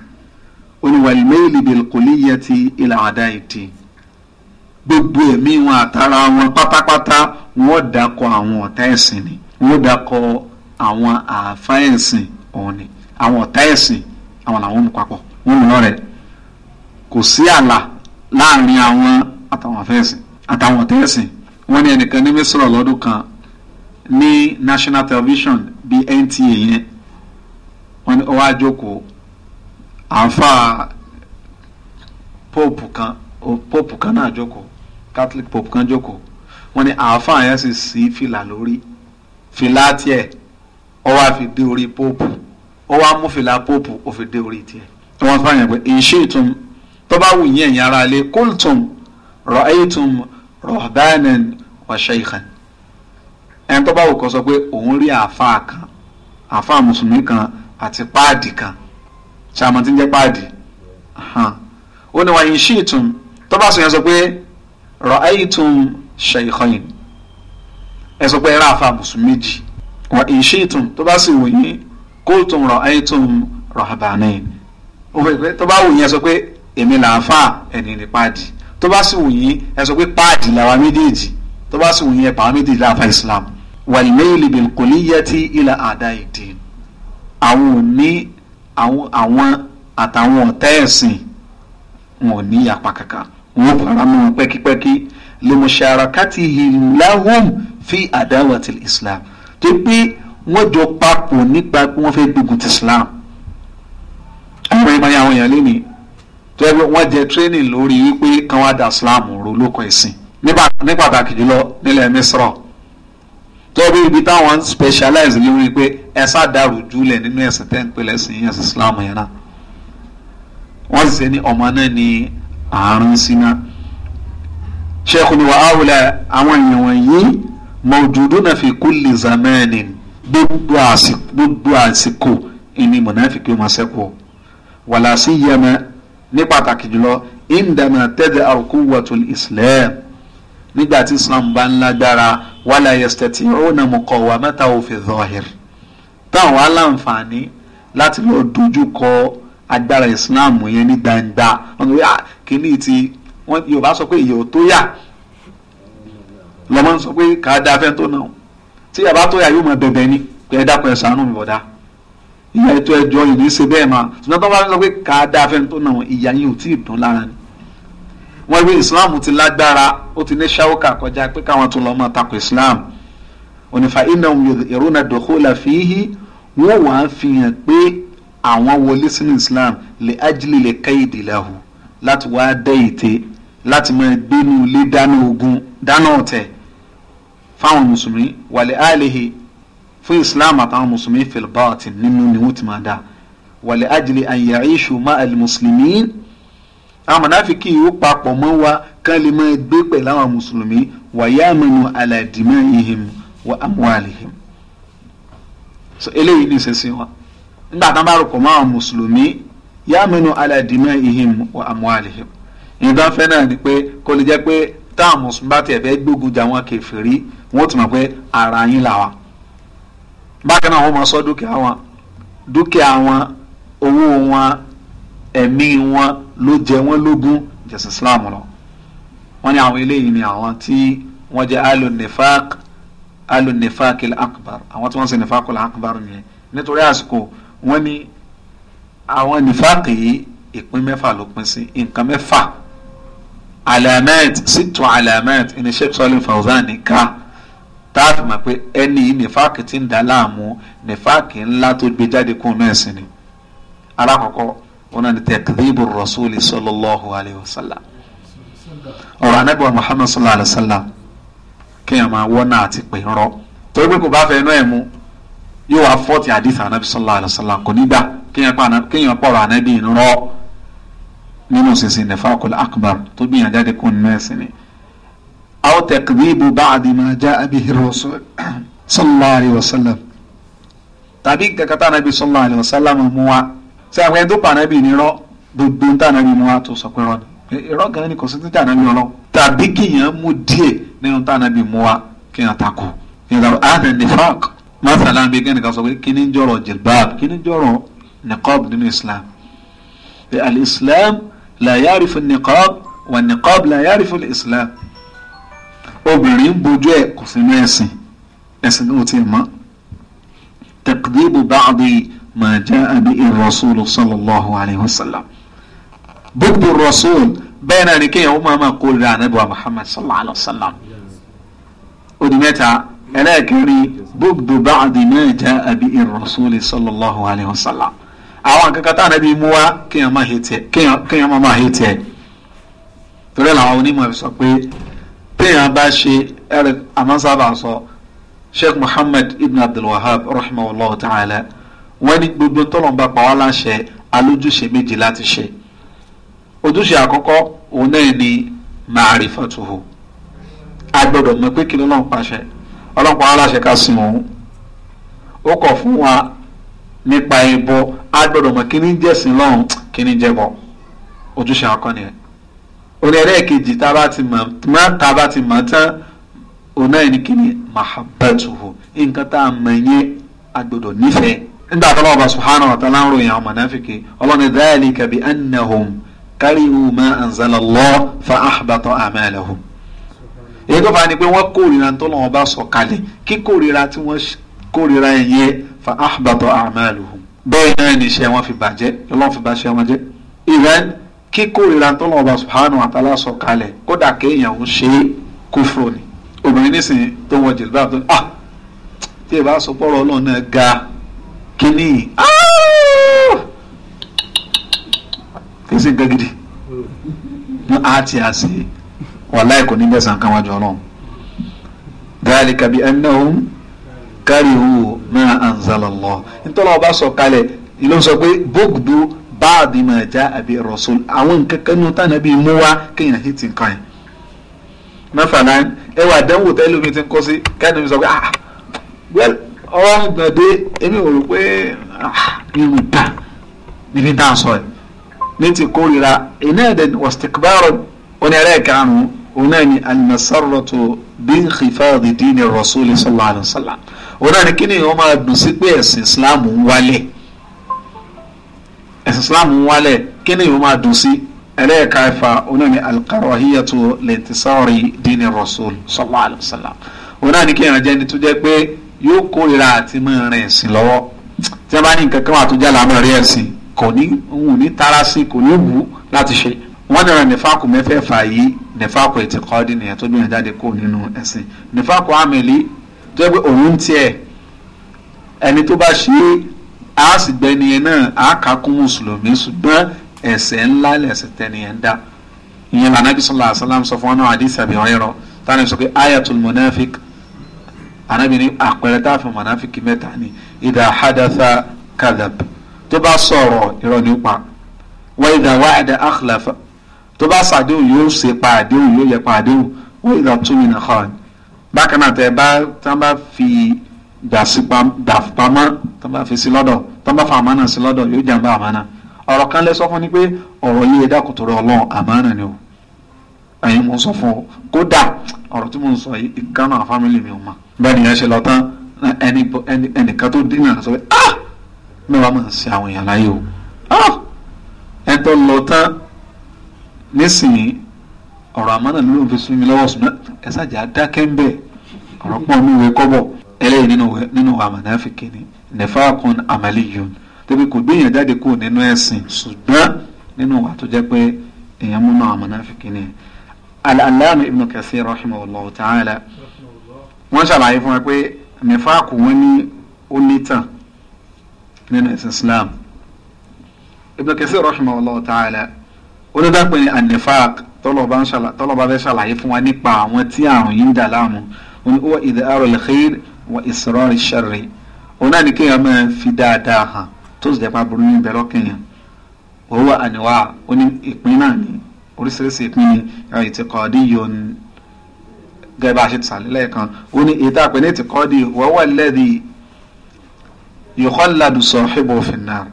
oníwàlímẹ́lì bilkuliyyati ila adaiti gbogbo ẹ̀mí wọn àtàrà wọn pátápátá wọ́n dakọ àwọn ọ̀tá ẹ̀sìn ni wọ́n dakọ àwọn àáfà ẹ̀sìn ọ̀hún àwọn làwọn mú papọ̀ wọ́n mú lọ́rẹ̀ kò sí ààlà láàrin àwọn àtàwọn afẹ́sìn àtàwọn tẹ́sìn wọ́n ní ẹnìkan ní mísírọ̀ lọ́dún kan ní national television bíi NTA yẹn wọ́n ní ó wá jókòó àáfàá pope kan pope kan náà jókòó catholic pope kan jókòó wọ́n ní àáfàá yẹn sì sí fìlà lórí fìlà tiẹ̀ ó wá dé orí pope ó wá mú fìlà póòpù ó fi dé orí tiẹ̀ wọ́n fà yàn pé ìṣètùm tó bá wù yín ẹ̀yin ara lé kóòtùm rọ̀ẹ́tùm rọ̀bánẹ̀n wàṣẹ́ìkàn ẹni tó bá wù kó sọ pé òun rí àáfàá kan àáfàá mùsùlùmí kan àti páàdì kan ṣàmọ̀ tí ń jẹ́ páàdì ó ní wa ìṣètùm tó bá sọ yẹn sọ pé rọ̀ẹ́tùm ṣẹ́ìkàn ẹ sọ pé ẹ rà àáfàá mùsùlùmí méjì wa ìṣètùm tó bá sì wù yín qultum ra'aytum rahabanin tó bá wù yín ẹ sọ pé èmi làáfà ẹni ní páàdì tó bá sì wù yín ẹ sọ pé páàdì làwa méjèèjì tó bá sì wù yín ẹ pàwọn méjèèjì láàfà islam wàlmẹ́yìlì bilkuliyati ila àdá ìdí àwọn ò àwọn àtàwọn ọ̀tá ẹ̀sìn wọn ò ní yapa kankan wọn ò fara mọ́ wọn pẹ́kípẹ́kí lèmọ̀ṣàràkàtì ìlàhùn fi àdáwàtì islam tó pé wọ́n jọ papọ̀ nípa pé wọ́n fẹ́ gbógun ti Islam àwọn ìmọ̀ àwọn èèyàn lé ní tẹ́lẹ̀ wọ́n jẹ training lórí wípé kan wá da Islam ro lóko ẹ̀sìn ní pàtàkì jùlọ nílẹ̀ Misra tọ́bí ibi táwọn specialize lórí pé ẹ sádàrú júlẹ̀ nínú ẹ̀sìn tẹ́ ń pè lẹ́sìn yẹn Islam yẹn náà wọ́n sì ṣe ní ọmọ náà ní àárín síná Sheikh wàhálà àwọn èèyàn wọ̀nyí mawjuduna fi kulli zamanin gbogbo àsìkò ìní mọ̀nàfíkì ó máa ṣẹ́kù wàlásí yẹmẹ ní pàtàkì jùlọ indama tẹ́tẹ́ àrùkúwọ̀tul islam nígbà tí islam bá ń lágbára wàlá yẹstẹ̀tì ọ̀nà mọ̀kọ̀wà mẹ́ta òfin zọ́hìr táwọn aláǹfààní láti lọ dojú kọ agbára islam yẹn ní gbangba wọn wí kíní ti yorùbá sọ pé ìyẹ̀wò tó yà lọ́mọ sọ pé kàá dáa fẹ́ tó náà tí yàrá tó yà yóò mọ bẹ̀bẹ̀ ni ẹ dákun ẹ ṣàánú mi bọ̀dá ìyá ètò ẹjọ́ yìí ní í ṣe bẹ́ẹ̀ máa ṣùgbọ́n tó bá ń sọ pé ká dáa fẹ́ni tó nà wọ́n ìyá yìí ò tí ì dùn lára ni. wọ́n rí islam ti lágbára ó ti ní ṣáwókà kọjá pé káwọn tó lọ mọ́ tako islam onífà iná ìrúnà dòkólà fìhí wọ́n wà á fi hàn pé àwọn wọlé sínú islam lè ájílẹ̀ lè ká èdè làwù láti wá dẹ́ ète láti máa gbénu ilé dáná ogun dáná ọ̀tẹ̀ fáwọn mùsùlùmí wàlẹ̀ àlehi fún islam àtàwọn mùsùlùmí filbaati nínú ni wọ́n ti máa dá wàlẹ̀ àjèlè àyàríṣu má àlùmùsùlùmí àwọn mọ̀nàfíkì yóò papọ̀ mọ́ wa kán lè máa gbé pẹ̀lú àwọn mùsùlùmí wàyàmẹ̀nu aládìmọ̀ ihim wa amwalihim. so eléyìí ní ìṣesí wa nígbà tán bá rò pọ̀ mọ́ àwọn mùsùlùmí yàmẹ̀nu aládìmọ̀ ihim wa amwalihim. ìdánfẹ́ náà ni pé kò lè jẹ́ pé táwọn mùsùlùmí bá tiẹ̀ fẹ́ gbógun jà wọn kèfèrí wọn ti mọ̀ pé ara yín là wa bákan náà wọ́n máa sọ dúkìá wọn dúkìá wọn owó wọn ẹ̀mí wọn ló jẹ wọn lógún jẹ̀sìn Islam lọ wọ́n ní àwọn eléyìí ni àwọn tí wọ́n jẹ́ alonifak alonifak akbar àwọn tí wọ́n ṣe nifak akbar nìyẹn nítorí àsìkò wọ́n ní àwọn nifak yìí ìpín mẹ́fà ló pín sí nǹkan mẹ́fà alamet situ alamet ẹni sheikh salim fawzan nìka táàfì mọ̀ pé ẹni yìí nífàkì ti ń da láàmú nífàkì ńlá tó gbé jáde kún náà sí ni alákọ̀ọ́kọ́ wọn náà ni tẹ̀kídìbò rasuli sallallahu alayhi wa sallam ọ̀rọ̀ anábìwọ̀n muhammad sallallahu alayhi wa sallam kéèyàn máa wọ́n náà àti pè ń rọ́ torí pé kò bá fẹ́ inú ẹ̀ mu yóò wá fọ́ọ̀tì sallallahu alayhi wa sallam kò ní gbà kéèyàn pọ̀ ọ̀rọ̀ anábì ń nínú sísìn nefakul akbar tó gbìyànjú jáde kó nínú ẹ̀sìn ni. aw tẹkidibu baadi ma ja abihi rasul sallallahu alayhi wa sallam tàbí kakata anabi sallallahu alayhi wa sallam mu wa sẹ àwọn ẹni tó pa anabi nírọ́ gbogbo ń tà anabi mu wa tó sọ pé rọ ni irọ́ gan ni kò sí títà anabi ọlọ tàbí kìyàn mú díẹ̀ nínú tà anabi mu wa kìyàn takò kìyàn takò ààrẹ nefak masalan bí kẹ́nìkan sọ pé kíní ń jọrọ jilbab kíní ń jọrọ niqab nínú islam al لا يعرف النقاب والنقاب لا يعرف yarifu islam obìnrin ń bojú ẹ kò sínú ẹ̀sìn ẹ̀sìn náà ti mọ́ taqdibu ba'di ma jaa bi irrasul sallallahu alayhi wa sallam bukbu rasul bẹ́ẹ̀ náà ni kéèyàn ó máa máa kórira anabi wa muhammad sallallahu alayhi wa sallam odi mẹ́ta ẹlẹ́ẹ̀kẹrin bukbu ba'di ma jaa bi irrasul sallallahu alayhi wa àwọn nǹkan kan tá ànábì mú wá kéèyàn má he tiẹ̀ kéèyàn má má he tiẹ̀ torí làwọn onímọ̀ sọ pé téèyàn bá ṣe ẹ̀rẹ̀ àmọ́sábà sọ sheikh muhammad ibn abdulwahab rahimahullah ta'ala wọ́n ní gbogbo tọ́lọ́mbà pa wá láṣẹ alójúṣe méjì láti ṣe ojúṣe àkọ́kọ́ òun náà ni ma'rifatuhu a gbọ́dọ̀ mọ̀ pé kí lọ́lọ́run pàṣẹ ọlọ́pàá aláṣẹ ká sìn òun ó kọ̀ fún wa nípa ẹbọ a gbọ́dọ̀ mọ̀ kíní jẹ́sìn lọ́hùn kíní jẹ́bọ ojúṣe akọni ẹ̀ orí ẹlẹ́ẹ̀kejì tá a bá ti mọ̀ tán òun náà ní kíní mahabbatuhu nǹkan tá a mọ̀ yẹn a gbọ́dọ̀ nífẹ̀ẹ́ nígbà tó lọ́wọ́ bá subhanahu wa ta'ala ń ròyìn àwọn mọ̀nàfíkì ọlọ́ni dhalika bi annahum karihu ma anzala Allah fa ahbata a'malahum èyí tó fà ni pé wọ́n kórìíra tó lọ́wọ́ bá sọ kalẹ̀ kí kórìíra tí wọ́n kórìíra yẹn fa ahbata a'maluhum bẹ́ẹ̀ náà ni iṣẹ́ wọn fi bàjẹ́ ọlọ́run fi bàṣẹ́ wọn jẹ́ ìrẹ́ni kíkórira tọ́lọ́ ọba subhanahu wa ta'ala sọ kalẹ̀ kódà kéèyàn ń ṣe kúfúrò ni obìnrin nísìnyí tó wọ jìlbá tó ah tí ẹ bá sọ pọ́rọ̀ ọlọ́run náà ga kínní kí sì ń gẹ́ ní àti àsè wàláì kò ní bẹ̀sán kan wájú ọlọ́run dhalika bi annahum karihu ma anzalallah nítorí ọba sọ kalẹ̀ ìlú sọ pé bókdù báàbí máa já àbí rasul àwọn nǹkan kan ní tànà bíi mú wá kéèyàn hit nǹkan yẹn. mẹ́fàlá ẹ wà dánwò tẹ́lẹ̀ omi ti ń kọ́ sí káàdì mi sọ pé ah, well ọ̀rọ̀ ń gbọ̀n dé èmi ò rò pé ah irun ta níbi tá a sọ ẹ̀ ní ti kórira iná ẹ̀dẹ̀ wastikbaro onírẹ́ karùn-ún òun náà ni alimasarrotu bí nkìfáàdì dín ní rasul sallallahu alayhi wa sallam òun náà ni kí ni wọ́n máa dùn sí pé ẹ̀sìn islam ń wálẹ̀ ẹ̀sìn islam ń wálẹ̀ kí ni wọ́n máa dùn sí ẹlẹ́ẹ̀ka ẹ̀fà òun náà ni alkarahiyatu lintisari dini rasul sallallahu alayhi wa sallam òun náà ni kí ìrìn àjẹni tó jẹ́ pé yóò kórira àti máa rìn ẹ̀sìn lọ́wọ́ tí wọ́n bá ní nǹkan kan wà tó jálá máa rí ẹ̀sìn kò ní òun ní tara sí kò ní wù láti ṣe wọ́n nira nífàkù mẹ́fẹ̀ẹ̀fà yìí nífàkù ètìkọ́ọ́dì nìyẹn tó gbìyànjú jáde kó nínú ẹ̀sìn nífàkù àmẹ́lí tó yẹ pé òun tiẹ̀ ẹni tó bá ṣe á sì gbẹni yẹn náà á kà kún mùsùlùmí ṣùgbọ́n ẹ̀ṣẹ̀ ńlá lẹ̀ṣẹ̀ tẹni yẹn dá ìyẹn lànà bí sọlá àṣàlám sọ fún ọ náà àdìsí àbí ọyẹ rọ táwọn ènìyàn sọ pé ayatul monafik anabi ni àpẹẹrẹ tá a fi monafik mẹ́ta ni ìdá hadatha kadab tó bá sọ̀rọ̀ irọ́ ni ó pa wa ìdá wa'ada akhlafa tó bá sàdéhùn yóò ṣe pa yóò yẹ pa àdéhùn wa ìdá tumina khan bákan náà tẹ bá tán bá fi dàfipamọ́ tán bá fi sí lọ́dọ̀ tán bá fa àmánà si lọ́dọ̀ yóò jàǹbá àmánà ọ̀rọ̀ kan lẹ sọ fún ni pé ọ̀rọ̀ yìí ẹ̀dá kò tọrọ ọlọ́run àmánà ni o ẹ̀yin mo sọ fún ọ kódà ọ̀rọ̀ tí mo ń sọ yìí ìkànnà fámìlì mi ò mọ̀ bẹ́ẹ̀ nìyẹn ṣe lọ tán ẹnìkan tó dínà sọ pé ah mẹ́wàá máa ń ṣe àwọn èèyàn láyé o ah ẹ tó lọ tán nísìnyí ọ̀rọ̀ àmánà ni ló ń fi sún mi lọ́wọ́ sùn ẹ ṣàjà dákẹ́ ń bẹ́ẹ̀ ọ̀rọ̀ pọ̀ ní ìwé kọ́bọ̀ eléyìí nínú àmọ̀náfíkì ni nefakun amaliyun tóbi kò gbéyàn jáde kúrò nínú ẹ̀sìn ṣùgbọ́n nínú wa tó jẹ́ pé èèyàn múnú àmọ̀náfíkì ni al-allama ibn kathir rahimahullahu ta'ala wọ́n ṣàlàyé fún wa pé nefaku wọn ní ó nítàn nínú ẹ̀sìn islam ibn kathir rahimahullahu ta'ala onídàpẹ́ ni anifak tọ́lọ̀ bá fẹ́ ṣàlàyé fún wa nípa àwọn tí àrùn yìí ń dà láàmú ó ní wọ́n ìdè àrò lè xeyir wọ́n ìsọ̀rọ̀ rẹ̀ ṣẹ̀rẹ̀ òun náà ní kéèyàn máa fi dáadáa hàn tó sì dẹ́pà burú níbẹ̀ lọ́kẹ́yàn wọ́n wà àníwá ó ní ìpín náà ní oríṣiríṣi ìpín ní ìtìkọ́dí yòn gẹ́gẹ́ bá a ṣe sàlẹ̀ lẹ́ẹ̀kan ó ní èyí tá a pè ní ìtìkọ́dí wọ́n wà lẹ́dí yòókànládù sọ̀rọ̀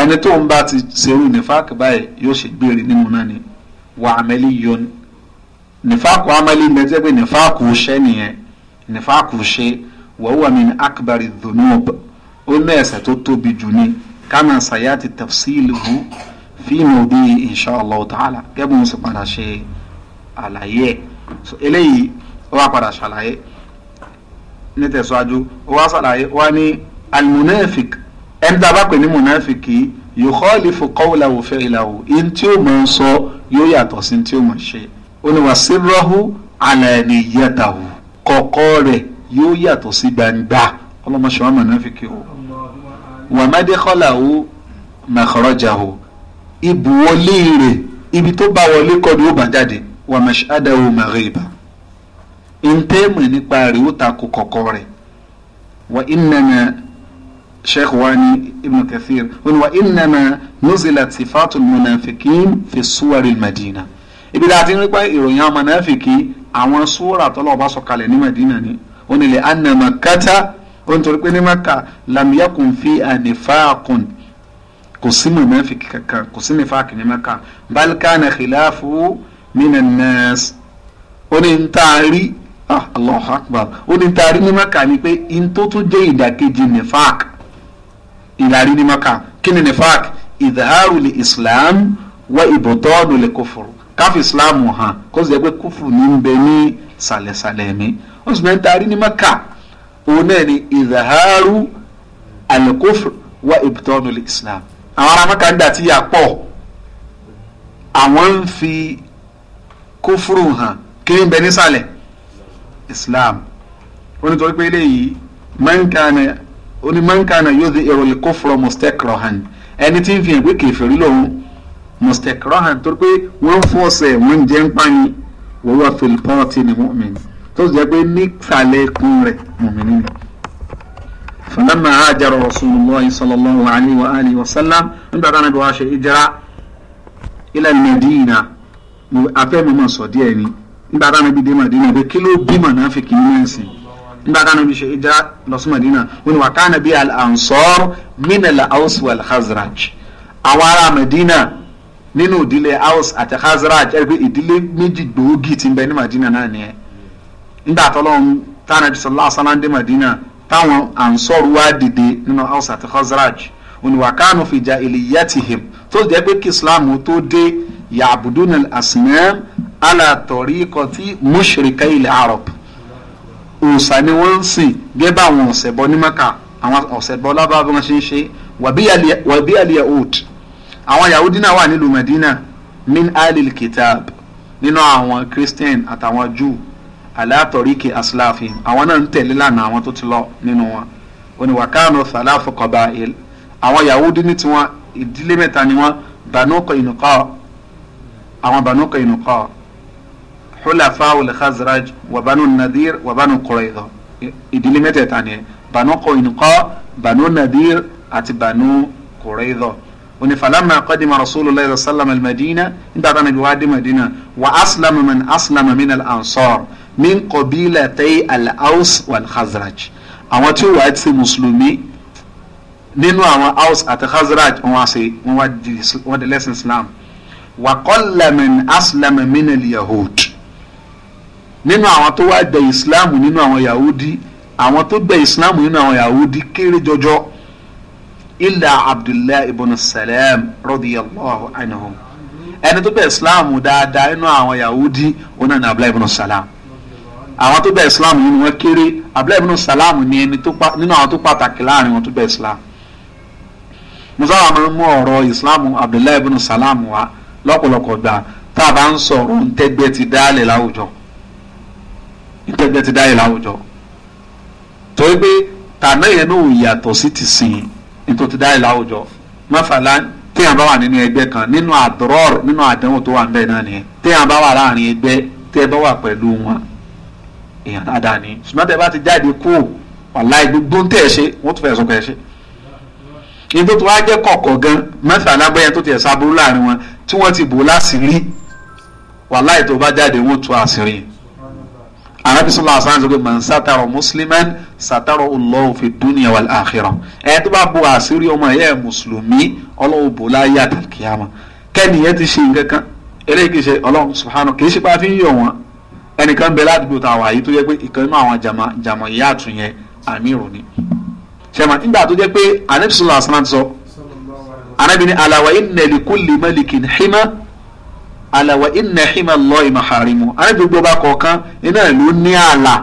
ẹni tó ń bá ti ṣerú nífàkì báyìí yóò ṣègbére nínú náà ni wa amaliyun nifaku amali mẹtẹ pé nifaku ṣẹ nìyẹn nifaku ṣe wa huwa min akbari dhunub ó ní ẹ̀ṣẹ̀ tó tóbi jù ní kama sayati tafsiluhu fi mawdi'i insha allah ta'ala gẹ́gùn sì padà ṣe àlàyé ẹ̀ eléyìí ó wá padà ṣàlàyé ní ó wá ṣàlàyé wá ní almunafik ẹni tá a bá pè ní munafik yìí yukhalifu qawlahu fi'lahu in tí ó máa ń sọ yóò yàtọ̀ sí tí ó máa ń ṣe oníwàsírahu alaniyatahu kọ̀kọ̀ rẹ̀ yóò yàtọ̀ sí gbangba ọlọ́mọṣẹ́ wọn mọ̀nà fi kí o wa madkhalahu makhrajahu ibùwọlé rẹ̀ ibi tó bá wọlé kọ́ ni ó bá jáde wa mash'adahu maghiba ntẹ́ẹ̀mù nípa rẹ̀ ó ta ko rẹ̀ wa innana sheikh واني ابن كثير wọn wà نزلت صفات المنافقين في fi suwari madina ibi láti ń rípa ìròyìn àwọn munafiki àwọn súwúrà tọ́lọ̀ bá sọ̀kalẹ̀ ní madina ni wọn ni lè anna makata wọn torí pé ní maka lam yakun fi anifakun kò sí munafiki kankan kò sí nifaki ní maka bal kana khilafu minan nas wọn ni n ta ah allah akbar wọn ni n ta rí ah, ni pé n tó tún jẹ́ ìdàkejì nifak ìlàrí ní maka kí ni nifaq ìdáhàrù lè islam wá ìbòtọ́ọ̀dù lè kófòrò káfí islam hàn kó sì jẹ́ pé kófòrò ní ń bẹ ní sàlẹ̀sàlẹ̀ mi ó sì máa ń taari ní maka òun náà ni ìdáhàrù àlẹ́kófòrò wá ìbòtọ́ọ̀dù lè islam àwọn ará maka ń dà tí yà pọ̀ àwọn ń fi kófòrò hàn kí bẹ ní sàlẹ̀ islam ó pé eléyìí mẹ́ńkà ni onímọ̀nkànà yóò di èrò ìkófòrò mustekrohan ẹni tí ń fi hàn pé kèfèrí lòun mustekrohan torí pé wọ́n fọ́ọ̀sẹ̀ wọ́n jẹ́ ń pààyàn wọ́n wá filipọ́ọ̀tì ní mọ́mìn tó sì jẹ́ pé nísàlẹ̀ kún rẹ̀ mọ́mìn ni. falamma hajara rasulullah sallallahu alayhi wa alihi wa sallam nígbà táwọn ẹbí wa ṣe ìjira ila al-Madina afẹ́ mi mọ̀ sọ díẹ̀ ni nígbà táwọn ẹbí dé Madina pé kí ló bímọ náà fi kì í mẹ́sìn nígbà táwọn ibi ṣe ìjà lọ́sùmọ̀dínà wọn ni wàkánà bíi al-ansor minal aus wal khazraj àwọn ará medina nínú ìdílé aus àti khazraj ẹ pé ìdílé méjì gbòógì tí ń bẹ ní madina náà nìyẹn nígbà tọ́lọ́run tánà bí sọlá sálándé madina táwọn ansor wá dìde nínú aus àti khazraj oníwàkánu fìjà iliyatihim tó jẹ́ pé kí islam tó dé ya'budun al-asnam ala tariqati mushrikay al-arab òòṣà ni wọ́n ń sìn gẹ́gẹ́ bá àwọn ọ̀sẹ̀bọ ní mẹ́ka àwọn ọ̀sẹ̀bọ lábá bí wọ́n ṣe ń ṣe wàbí àlìyà old àwọn yahudi náà wà nílùú medina min alil kitab nínú àwọn christian àtàwọn jew aláàtọ̀ríkì aslafi àwọn náà ń tẹ̀lé lànà àwọn tó ti lọ nínú wọn oníwàkánù sàláfù qabail àwọn yahudi ní tiwọn ìdílé mẹ́ta ni wọ́n banu Qaynuqa àwọn banu Qaynuqa xulafa ulkhazraj wa banu nadir wa banu qurayza ìdílé mẹ́tẹ̀ẹ̀ta ni banu qoyinqa banu nadir àti banu qurayza oni falama qadima rasulillah sallam almadina nígbà tí anabi wa dé madina wa aslama man aslama min al-ansar min qabilatay al-aws wal-khazraj àwọn tí wàá ti mùsùlùmí nínú àwọn aws àti khazraj wọn ṣe wọn wá di lẹ́sìn islam wa qalla man aslama min al-yahud nínú àwọn tó wá gba islam nínú àwọn yahudi àwọn tó gba islam nínú àwọn yahudi kéré jọjọ illa abdullahi ibn salam radiyallahu anhu ẹni tó gba islam dáadáa nínú àwọn yahudi onáà ní abdullahi ibn salam àwọn tó gba islam nínú wọn kéré abdullahi ibn salam ní ẹni nínú àwọn tó pàtàkì láàrin wọn tó gba islam musawa máa ń mú ọ̀rọ̀ islam abdullahi ibn salam wá lọ́pọ̀lọpọ̀ gbà tá a bá ń sọ̀rọ̀ ń tẹ́gbẹ́ ti dálẹ̀ láwùjọ ìtẹ́jẹ́ ti dáyé láwùjọ torí pé tàná yẹn náà yàtọ̀ sí ti sìn nítorí ti dáyé láwùjọ mọ́fàlá téèyàn bá wà nínú ẹgbẹ́ kan nínú àdúrọ́ọ̀rù nínú àdánwò tó wà ń bẹ̀ náà nìyẹn téèyàn bá wà láàrin ẹgbẹ́ tẹ́ bá wà pẹ̀lú wọn èèyàn dáadáa ni ṣùgbọ́n tẹ́ bá ti jáde kú wàláì gbogbo ń tẹ̀ ṣe wọ́n tún fẹ́ sọ pé ṣe ní tó tó wá jẹ́ kọ̀ọ̀kọ̀ gan mẹ́fà alágbẹ́yẹn tó tiẹ̀ sábúrú láàrin wọn tí wọ́n ti bò láṣìírí wàláì tó bá jáde wọ́n tú àṣírí arabi sallallahu alaihi wasallam man satara musliman satara Allahu fi dunya wal akhirah ẹ tó bá bu àṣírí ọmọ ẹ̀yẹ mùsùlùmí ọlọ́wọ́ bò láyé àtàkìyàmà kẹ́ni yẹn ti ṣe nǹkan kan eléyìí kì í ṣe ọlọ́run subhanahu kì í ṣe bá fi ń ẹnìkan bẹ ládùúgbò tá a wà yìí tó jẹ́ pé ìkan nínú àwọn jàmà jàmà ìyá àtún yẹn àmì ìròní nígbà tó jẹ́ pé anabi sallallahu alaihi sọ anabi ni alawa inna likulli àlàwà iná hímà lọ ìmọ̀ àrìmọ̀ àrẹ́gbẹ̀gbẹ̀ ọba kọ̀ọ̀kan iná ìlú ní àlà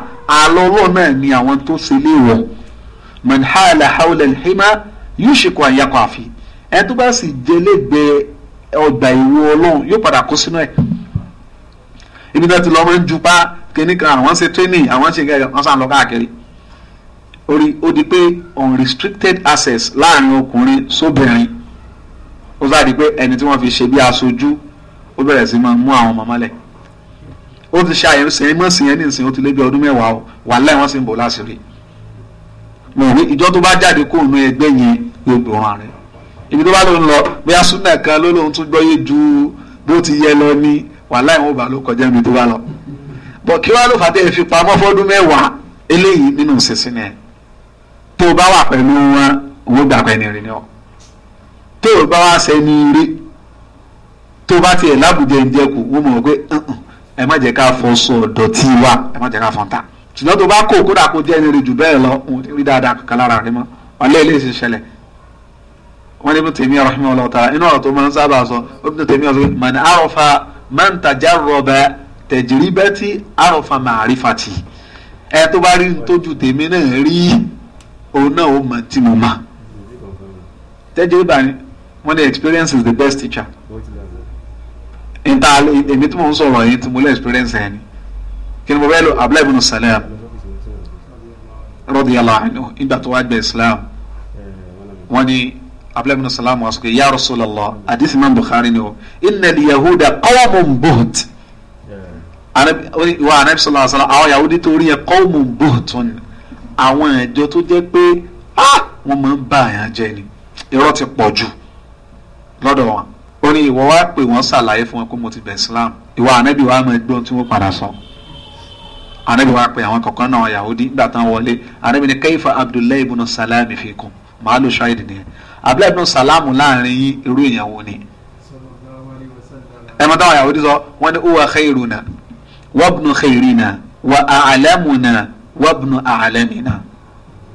àlọ́lọ́ náà ni àwọn tó ṣe lé wọ̀ mọ̀nhálà haúlẹ̀ hímà yóò ṣe kó àyàkọ̀ àfi ẹni tó bá sì jẹlẹ́gbẹ̀ ọgbà ìwọ ọlọ́run yóò padà kó sínú ẹ̀ ibi tó ti lọ́ máa ń jupa kíní kan àwọn ṣe training àwọn ṣe gẹ́gẹ́ wọ́n sàn lọ káàkiri orí ó di pé unrestricted access láàrin ọkùnrin sóbìnrin ó sáà di pé ẹni tí wọ́n fi ṣe bí aṣojú ó bẹ̀rẹ̀ sí máa mú àwọn ọmọ mọ́lẹ̀ ó ti ṣe àyẹ̀wò sẹ́yìn mọ́ sí yẹn ní ìsìn ó ti lé bí ọdún mẹ́wàá o wà láì wọ́n sì ń bò láṣìírí mo ní ìjọ tó bá jáde kó nu ẹgbẹ́ yẹn yóò gbòòràn rẹ̀ ibi tó bá ló ń lọ bí asúnà kan ló lóun tún gbọ́yé ju bó ti yẹ lọ ní wà láì wọ́n bá ló kọjá mi tó bá lọ bọ̀ kí wàá ló fàtẹ́ ẹ fi pamọ́ fọ́dún mẹ́wàá eléyìí nínú ìsinsin ẹ̀ tó o bá wà pẹ̀lú wọn òun gbà pẹ̀lú ìrìn náà tó o bá wà sẹ́ni rí tó bá tiẹ̀ lábùjẹ ìjẹ kù wọ́n mọ̀ pé ẹ má jẹ́ ká fọ sọ dọ̀tí wa ẹ má jẹ́ ká fọ́n ta ṣùgbọ́n tó bá kó kódà kó jẹ́ ẹni jù bẹ́ẹ̀ lọ òun ti wọ́n ní bí tèmi ọ̀lọ́ ta inú ọ̀rọ̀ tó máa ń sábà sọ ó bí tèmi ọ̀rọ̀ àròfà rí fati ẹ tó bá rí tójú tèmi náà rí òun náà ó experience is the best teacher. nta èmi tí mo ń sọ̀rọ̀ yìí tí mo lè experience yẹn ni kí ni mo fẹ́ lò Abdullahi ibn Salam radiyallahu anhu nígbà tó wá gba Islam wọ́n ní Abdullahi ibn Salam wá sọ pé ya Rasulallah hadith imam Bukhari ni o inna al-yahuda qawmun buht wa anabi sallallahu alaihi wa sallam àwọn yahudi tó rí yẹn qawmun buhtun àwọn ẹ̀jọ́ tó jẹ́ pé ah, wọ́n máa ń bá àyàn ni irọ́ ti pọ̀ jù lọ́dọ̀ wọn orin ìwọ wá pè wọ́n ṣàlàyé fún wọn pé mo ti bẹ̀ Islam ìwọ ànábì wa máa gbọ́n tí wọ́n padà sọ ànábì wa pè àwọn kọ̀ọ̀kan náà Yahudi nígbà tán wọlé ànábì ni kẹ́yìfà Abdullahi ibùnà Salami fikum màá lò ṣáà nìyẹn Abdullahi ibùnà Salamu láàrin yín irú ìyàwó ni ẹ̀mọ́ táwọn Yahudi sọ wọ́n ní uwa khayruna wabnu khayrina wa a'lamuna wabnu a'lamina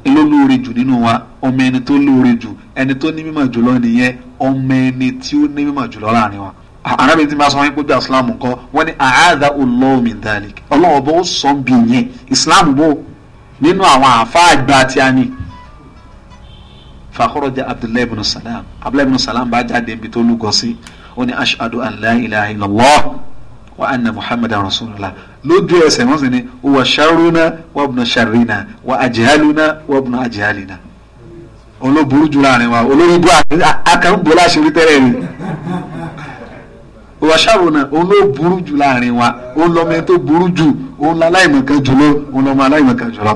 ìlú lóore jù nínú wa ọmọ ẹni tó lóore jù ẹni tó ní mímọ̀ jùlọ nìyẹn ọmọ ẹni tí ó ní mímọ̀ jùlọ láàrin wọn arábìnrin tí ma sọ wọn gbogbo islam nǹkan wọn ni àádá Allahu min dhalik ọlọ́wọ́ bó sọ bí yẹn islam bó nínú àwọn àáfàá àgbà tí a ní. fàkọ́rọ̀jà abdullahi ibn salam abdullahi ibn salam bá jáde ibi tó lúgọ sí ó ní ashadu an la wa anna muhammadan rasulullah lójú ẹsẹ̀ wọ́n sì ní wa sharruna wa ibn sharrina wa ajhaluna wa ibn ajhalina òun ló burú jù láàrin wa olórí bú akẹ́rùbọ̀ láṣìírí tẹ́lẹ̀ ni òwàṣàrònà òun ló burú jù láàrin wa òun lọ́mọ ẹni tó burú jù òun láláìmọ̀kan jùlọ òun lọ́mọ aláìmọ̀kan jùlọ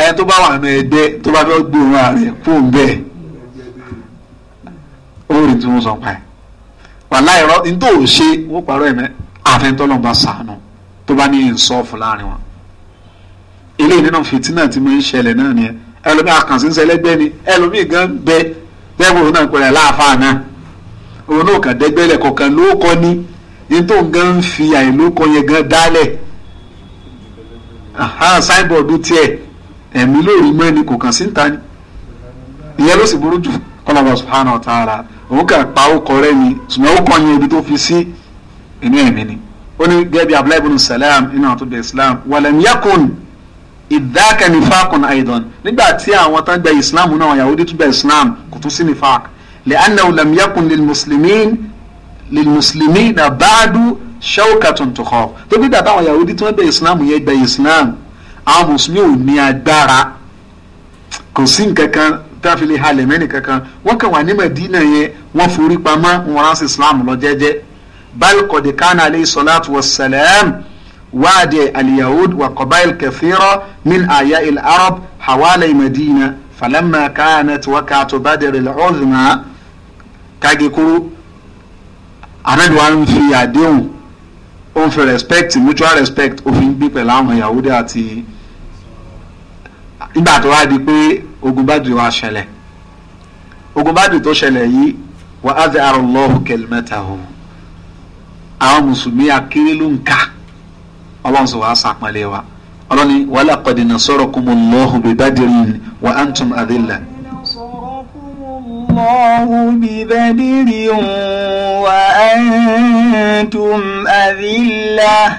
ẹni tó bá wà nù ẹgbẹ́ tó bá fẹ́ gbé òun ààrẹ fóun bẹ́ẹ̀ ó rí tí wọ́n sọ pa ẹ̀ wàhálà ìrọ́ nítorí ṣe wọ́n parọ́ ẹ̀mẹ́ àfẹ́ntọ́lọ́mọba sànù tó bá ní ìsọ́ọ̀fù láàrin wọn eléyìí nínú fìtínà tí mo ń ṣẹlẹ̀ náà nìyẹn ẹlòmíì akànṣinṣẹ́ lẹ́gbẹ́ ni ẹlòmíì gan bẹ tẹ́wọ̀n òun náà pẹ̀lẹ́ láàfáà náà òun náà kàn dẹ́gbẹ́lẹ̀ kọ̀ọ̀kan ló kọ́ ni yín tó gan ń fi àìlókọ yẹn gan dálẹ̀ sáìbọ̀dù tiẹ̀ ẹ̀mí lórí mọ́ ẹni kò kàn sí ta ni ìyẹn ló sì burú jù kọ́lọ́wọ́ subhanahu wa ta'ala òun kàn pa ókọ rẹ ni ṣùgbọ́n ókọ yẹn ibi tó fi sí inú ẹ̀mí ni ó ní gẹ́gẹ́ abdullahi ibn salam inú àtúndẹ̀ islam walam yakun ìdáàkẹ́ nifakun aidan nígbà tí àwọn tán gba islam náà àwọn yahudi tún gba islam kò tún sí nifak li'annahu lam yakun lilmuslimin lilmuslimin na ba'du shawkatun tukhaf tó bí dàtà àwọn yahudi tí wọ́n gba islam yẹn gba islam àwọn mùsùlùmí ò ní agbára kò sí nǹkan kan táfìlì halẹ̀ mẹ́rin kankan wọ́n kàn wà ní Madina yẹn wọ́n forí pamọ́ wọn ránṣẹ́ islam lọ jẹ́jẹ́ bal qad وادي اليهود وقبائل كثيرة من أعياء العرب حوالي مدينة فلما كانت وقعة بدر العظمى كاجيكورو anabi wa ń fi àdéhùn ó ń fi respect mutual respect òfin gbé pẹ̀lú àwọn yahudi àti nígbà tó wá di pé ogun bádùn wa ṣẹlẹ̀ ogun bádùn tó ṣẹlẹ̀ yìí wa adhara Allahu kalimatahu àwọn mùsùlùmí akéré ló ọlọ́run sì wàá sàpọ̀nlé wa ọlọ́run ni walaqad nasarakumullahu bi Badrin wa antum adilla. الله ببدر وأنتم أذلة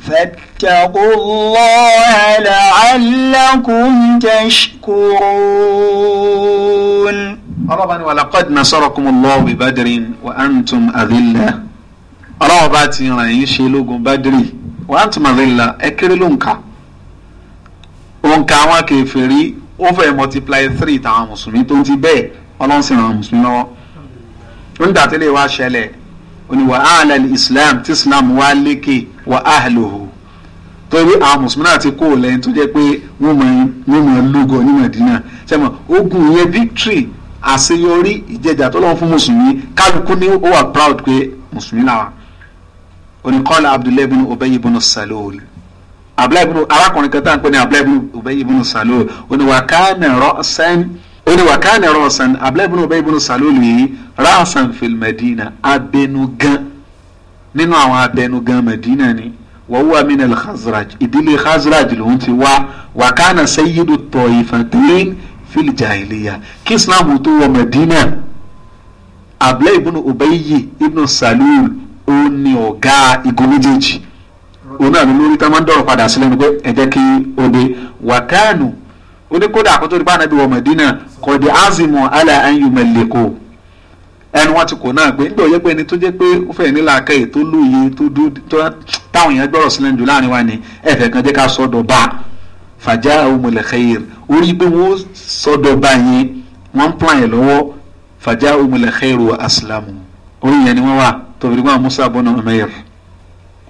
فاتقوا الله لعلكم تشكرون ربنا ولقد نصركم الله ببدر وأنتم أذلة ربنا تنرين شلوغ بدري wàá tìmọ̀lẹ́ ńlá ẹ kéré ló ń kà òǹkà àwọn kèfèrí ó fẹ́ multiply three tàwọn mùsùlùmí tó ń ti bẹ́ẹ̀ ọlọ́run sì ràn mùsùlùmí lọ́wọ́ nígbà tí lè wá ṣẹlẹ̀ òní wà áhàlẹ̀ islam tí islam wá lékè wà áhàlòhò torí àwọn mùsùlùmí náà ti kó o lẹ́yìn tó jẹ́ pé wọ́n mọ̀ ẹ́ lúgọ ní Mẹ̀dínà sẹ́mọ̀ ogun yẹn victory àṣeyọrí ìjẹjà tó lọ́wọ́ fún mùsùlùmí kálukú ni ó wà proud pé mùsùlùmí làwọn oníkọ́lá abdullahi bin ubay ibn salul abdullahi bin arákùnrin kan tá à ń pè ní abdullahi bin ubay ibn salul oníwàkánà rọ́ọ̀sán oníwàkánà rọ́ọ̀sán abdullahi bin ubay ibn salul yìí rọ́ọ̀sán fil madina abẹnugan nínú àwọn abẹnugan madina ni wàhùwà min al-khazraj ìdílé khazraj lòun ti wá wàkánà sayyidu tọ̀yìfàtẹ́yìn fil jahiliya kí islam tó wọ madina abdullahi bin ubay ibn salul òun ni ọ̀gá igun méjèèjì òun náà ló lórí tá máa ń dọ̀rọ̀ padà sílẹ̀ ni pé ẹ jẹ́ kí ó dé wákàánù ó ní kódà àkótó nípa ànábì wọ mọ̀dínà kọ̀dé azimu ala anyumẹ̀lẹ́kọ̀ ẹnu wọn ti kò náà pé nígbà òye pé ẹni tó jẹ́ pé ó fẹ́ nílà akẹ́yẹ tó lóye tó dúró táwọn èèyàn gbọ́rọ̀ sílẹ̀ jù láàrin wa ni ẹ̀fẹ̀ kan jẹ́ ká sọ́dọ̀ bá fàjà omulẹ̀kẹ́yìr orí pé wọ́n sọ́dọ̀ bá yẹn wọ́n ń plan yẹn lọ́wọ́ fàjà omulẹ̀kẹ́yìr wa asilamu orí yẹn ni wọ́n wà tó fi wọn Musa bọ́nà Umair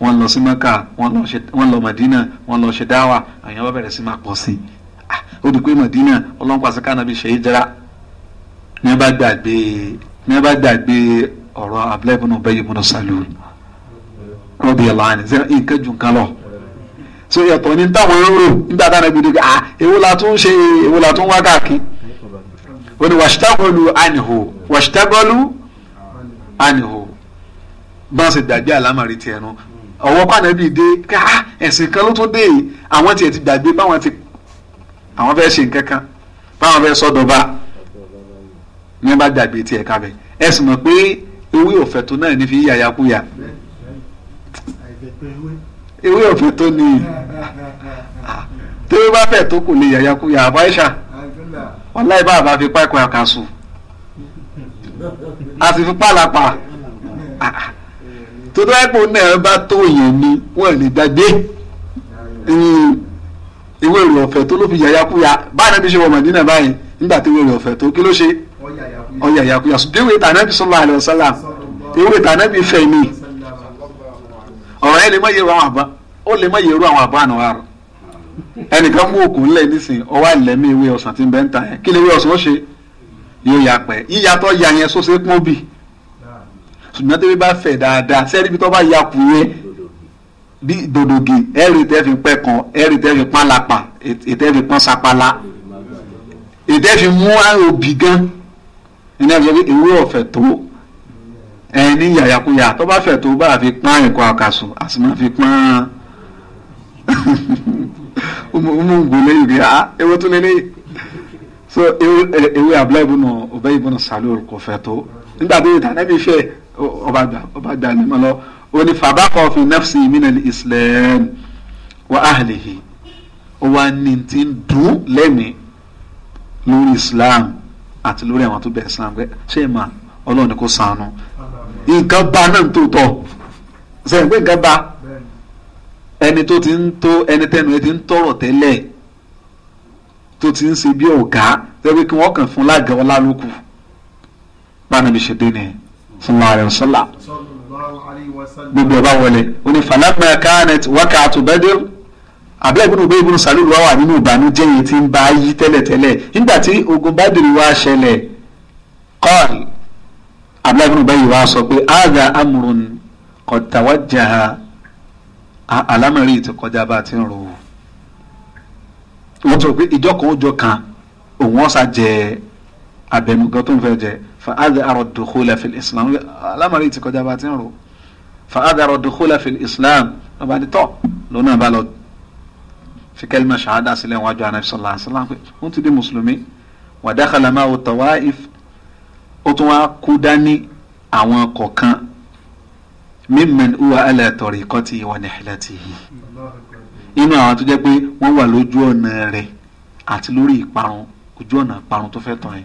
wọn lọ sí Maka wọn lọ Madina wọn lọ ṣe dáwà àyàn bá bẹ̀rẹ̀ sí máa pọ̀ sí ah, ó di pé Madina ọlọ́run pàṣẹ káàná bí ṣe é jẹ́ra ní bá gbàgbé ní bá gbàgbé ọ̀rọ̀ Abdullahi ibn Ubay ibn Salul radiyallahu anhu nǹkan jù nǹkan lọ so yàtọ̀ ní táwọn ń rò nígbà táwọn ẹbí dùgbà ah èwo la tún ṣe èwo la tún wá káàkiri ó ní wàṣítàgọ́lù ànihò wàṣítàgọ́lù ànihò bá a ṣe gbàgbé àlámàrí ti ẹnu ọwọ́ pàdánù dé ká ah, ẹ̀sìn kan ló tó dé yìí àwọn tiẹ̀ ti gbàgbé báwọn ti àwọn fẹ́ ṣe nǹkan kan báwọn fẹ́ sọ́dọ̀ba ní bá gbàgbé tiẹ̀ kábẹ̀ ẹ̀sìn mọ̀ pé ewé ọ̀fẹ́ tó náà ní fi yàyà kúyà ewé ọ̀fẹ́ tó ní tẹ́wé bá fẹ̀ tó kò lè yàyà kúyà àbáyíṣà ọláì bá àbá fi pákó àkàsù àti fi pàlàpà tó tó ẹ̀pọ̀ náà bá tó yẹn ni wọ́n lè dàgbé ìwé ìrò ọ̀fẹ́ tó ló fi yàyàkúyà báyìí náà bí ṣe wọ Màdínà báyìí nígbà tó ìwé ìrò ọ̀fẹ́ tó kí ló ṣe ọ̀yà yàkúyà ṣùgbọ́n ìwé tànàbí sallallahu alaihi wasallam ìwé tànàbí fẹ̀ ni ọ̀rọ̀ ẹ̀ lè má yẹ̀rọ àwọn àbá ó lè má yẹ̀rọ àwọn àbá àná wa rọ̀ ẹnìkan mú òkú ńlẹ̀ nísìn ọwọ́ àlẹ́mí ìwé ọ̀sán ti ń bẹ́ ń ta yẹn kí lè ìwé ọ̀sán ó ṣe yóò yà pẹ́ yíyàtọ̀ yà yẹn sóṣe pọ́n bì ṣùgbọ́n tẹ́bí bá fẹ̀ dáadáa sẹ́ni bí tó bá ya kù yẹn bí dòdògì ẹ̀rì tẹ́ fi pẹ́ kan ẹ̀rì tẹ́ fi pán lápá ètẹ́ fi pán sapala ètẹ́ fi mú òbí gan ẹni àbí sọ́kè ewé ọ̀fẹ́ tó ẹni yàyàkuyà tó bá fẹ̀ tó bá fi pán ẹ̀kọ́ àkàsù àsìmọ́ fi pán ọmọ ògùn lẹ́yìn rẹ̀ á ewé tún lélẹ́yìn so ewé abúlé ibùnà ọ̀bẹ ibùnà sàlù kò fẹ́ tó nígbà tó yẹ tàn ẹ́ bí fẹ́ ọba dalẹ̀ mọ́ lọ ó ní fàbákọ̀ fi nafsi minal islam wa ahlihi ó wá ní ti ń dùn lẹ́mìí lórí islam àti lórí àwọn tó bẹ̀ islam pé ṣé ìmọ̀ ọlọ́run ni kò sànù nǹkan bá náà tó tọ̀ sẹ́yìn pé nǹkan bá ẹni tó ti ń tó ẹni tẹnu ẹ ti ń tọrọ tẹ́lẹ̀ tó ti ń ṣe bí ọ̀gá tẹ́wé kí wọ́n kàn fún lága ọlá bá nàbí ṣe dé nìyẹn sallallahu alayhi wa sallam gbogbo ọba wọlé ó ní falamma kanat wákàtú Badr àbí ẹ̀gbọ́n òbí ìbùnú sàlùwà wà nínú ìbànújẹ́ yìí tí ń bá yí tẹ́lẹ̀tẹ́lẹ̀ nígbà tí ogun Badr wá ṣẹlẹ̀ qal àbí ẹ̀gbọ́n òbí فأذعر الدخول في الإسلام لا مريت كده باتين رو فأذعر الدخول في الإسلام وبعد تو لونا بالو في كلمة شهادة سلام وجه النبي صلى الله عليه وسلم كنت دي مسلمي ودخل معه الطوائف أتوا كوداني أوان kọ̀ọ̀kan ممن هو على tọ̀rí ونحلته، ìwà nìhìlẹ́tì yìí inú àwọn tó jẹ́ pé wọ́n wà lójú ọ̀nà rẹ̀ àti lórí ìparun ojú ọ̀nà ìparun tó fẹ́ tán yẹn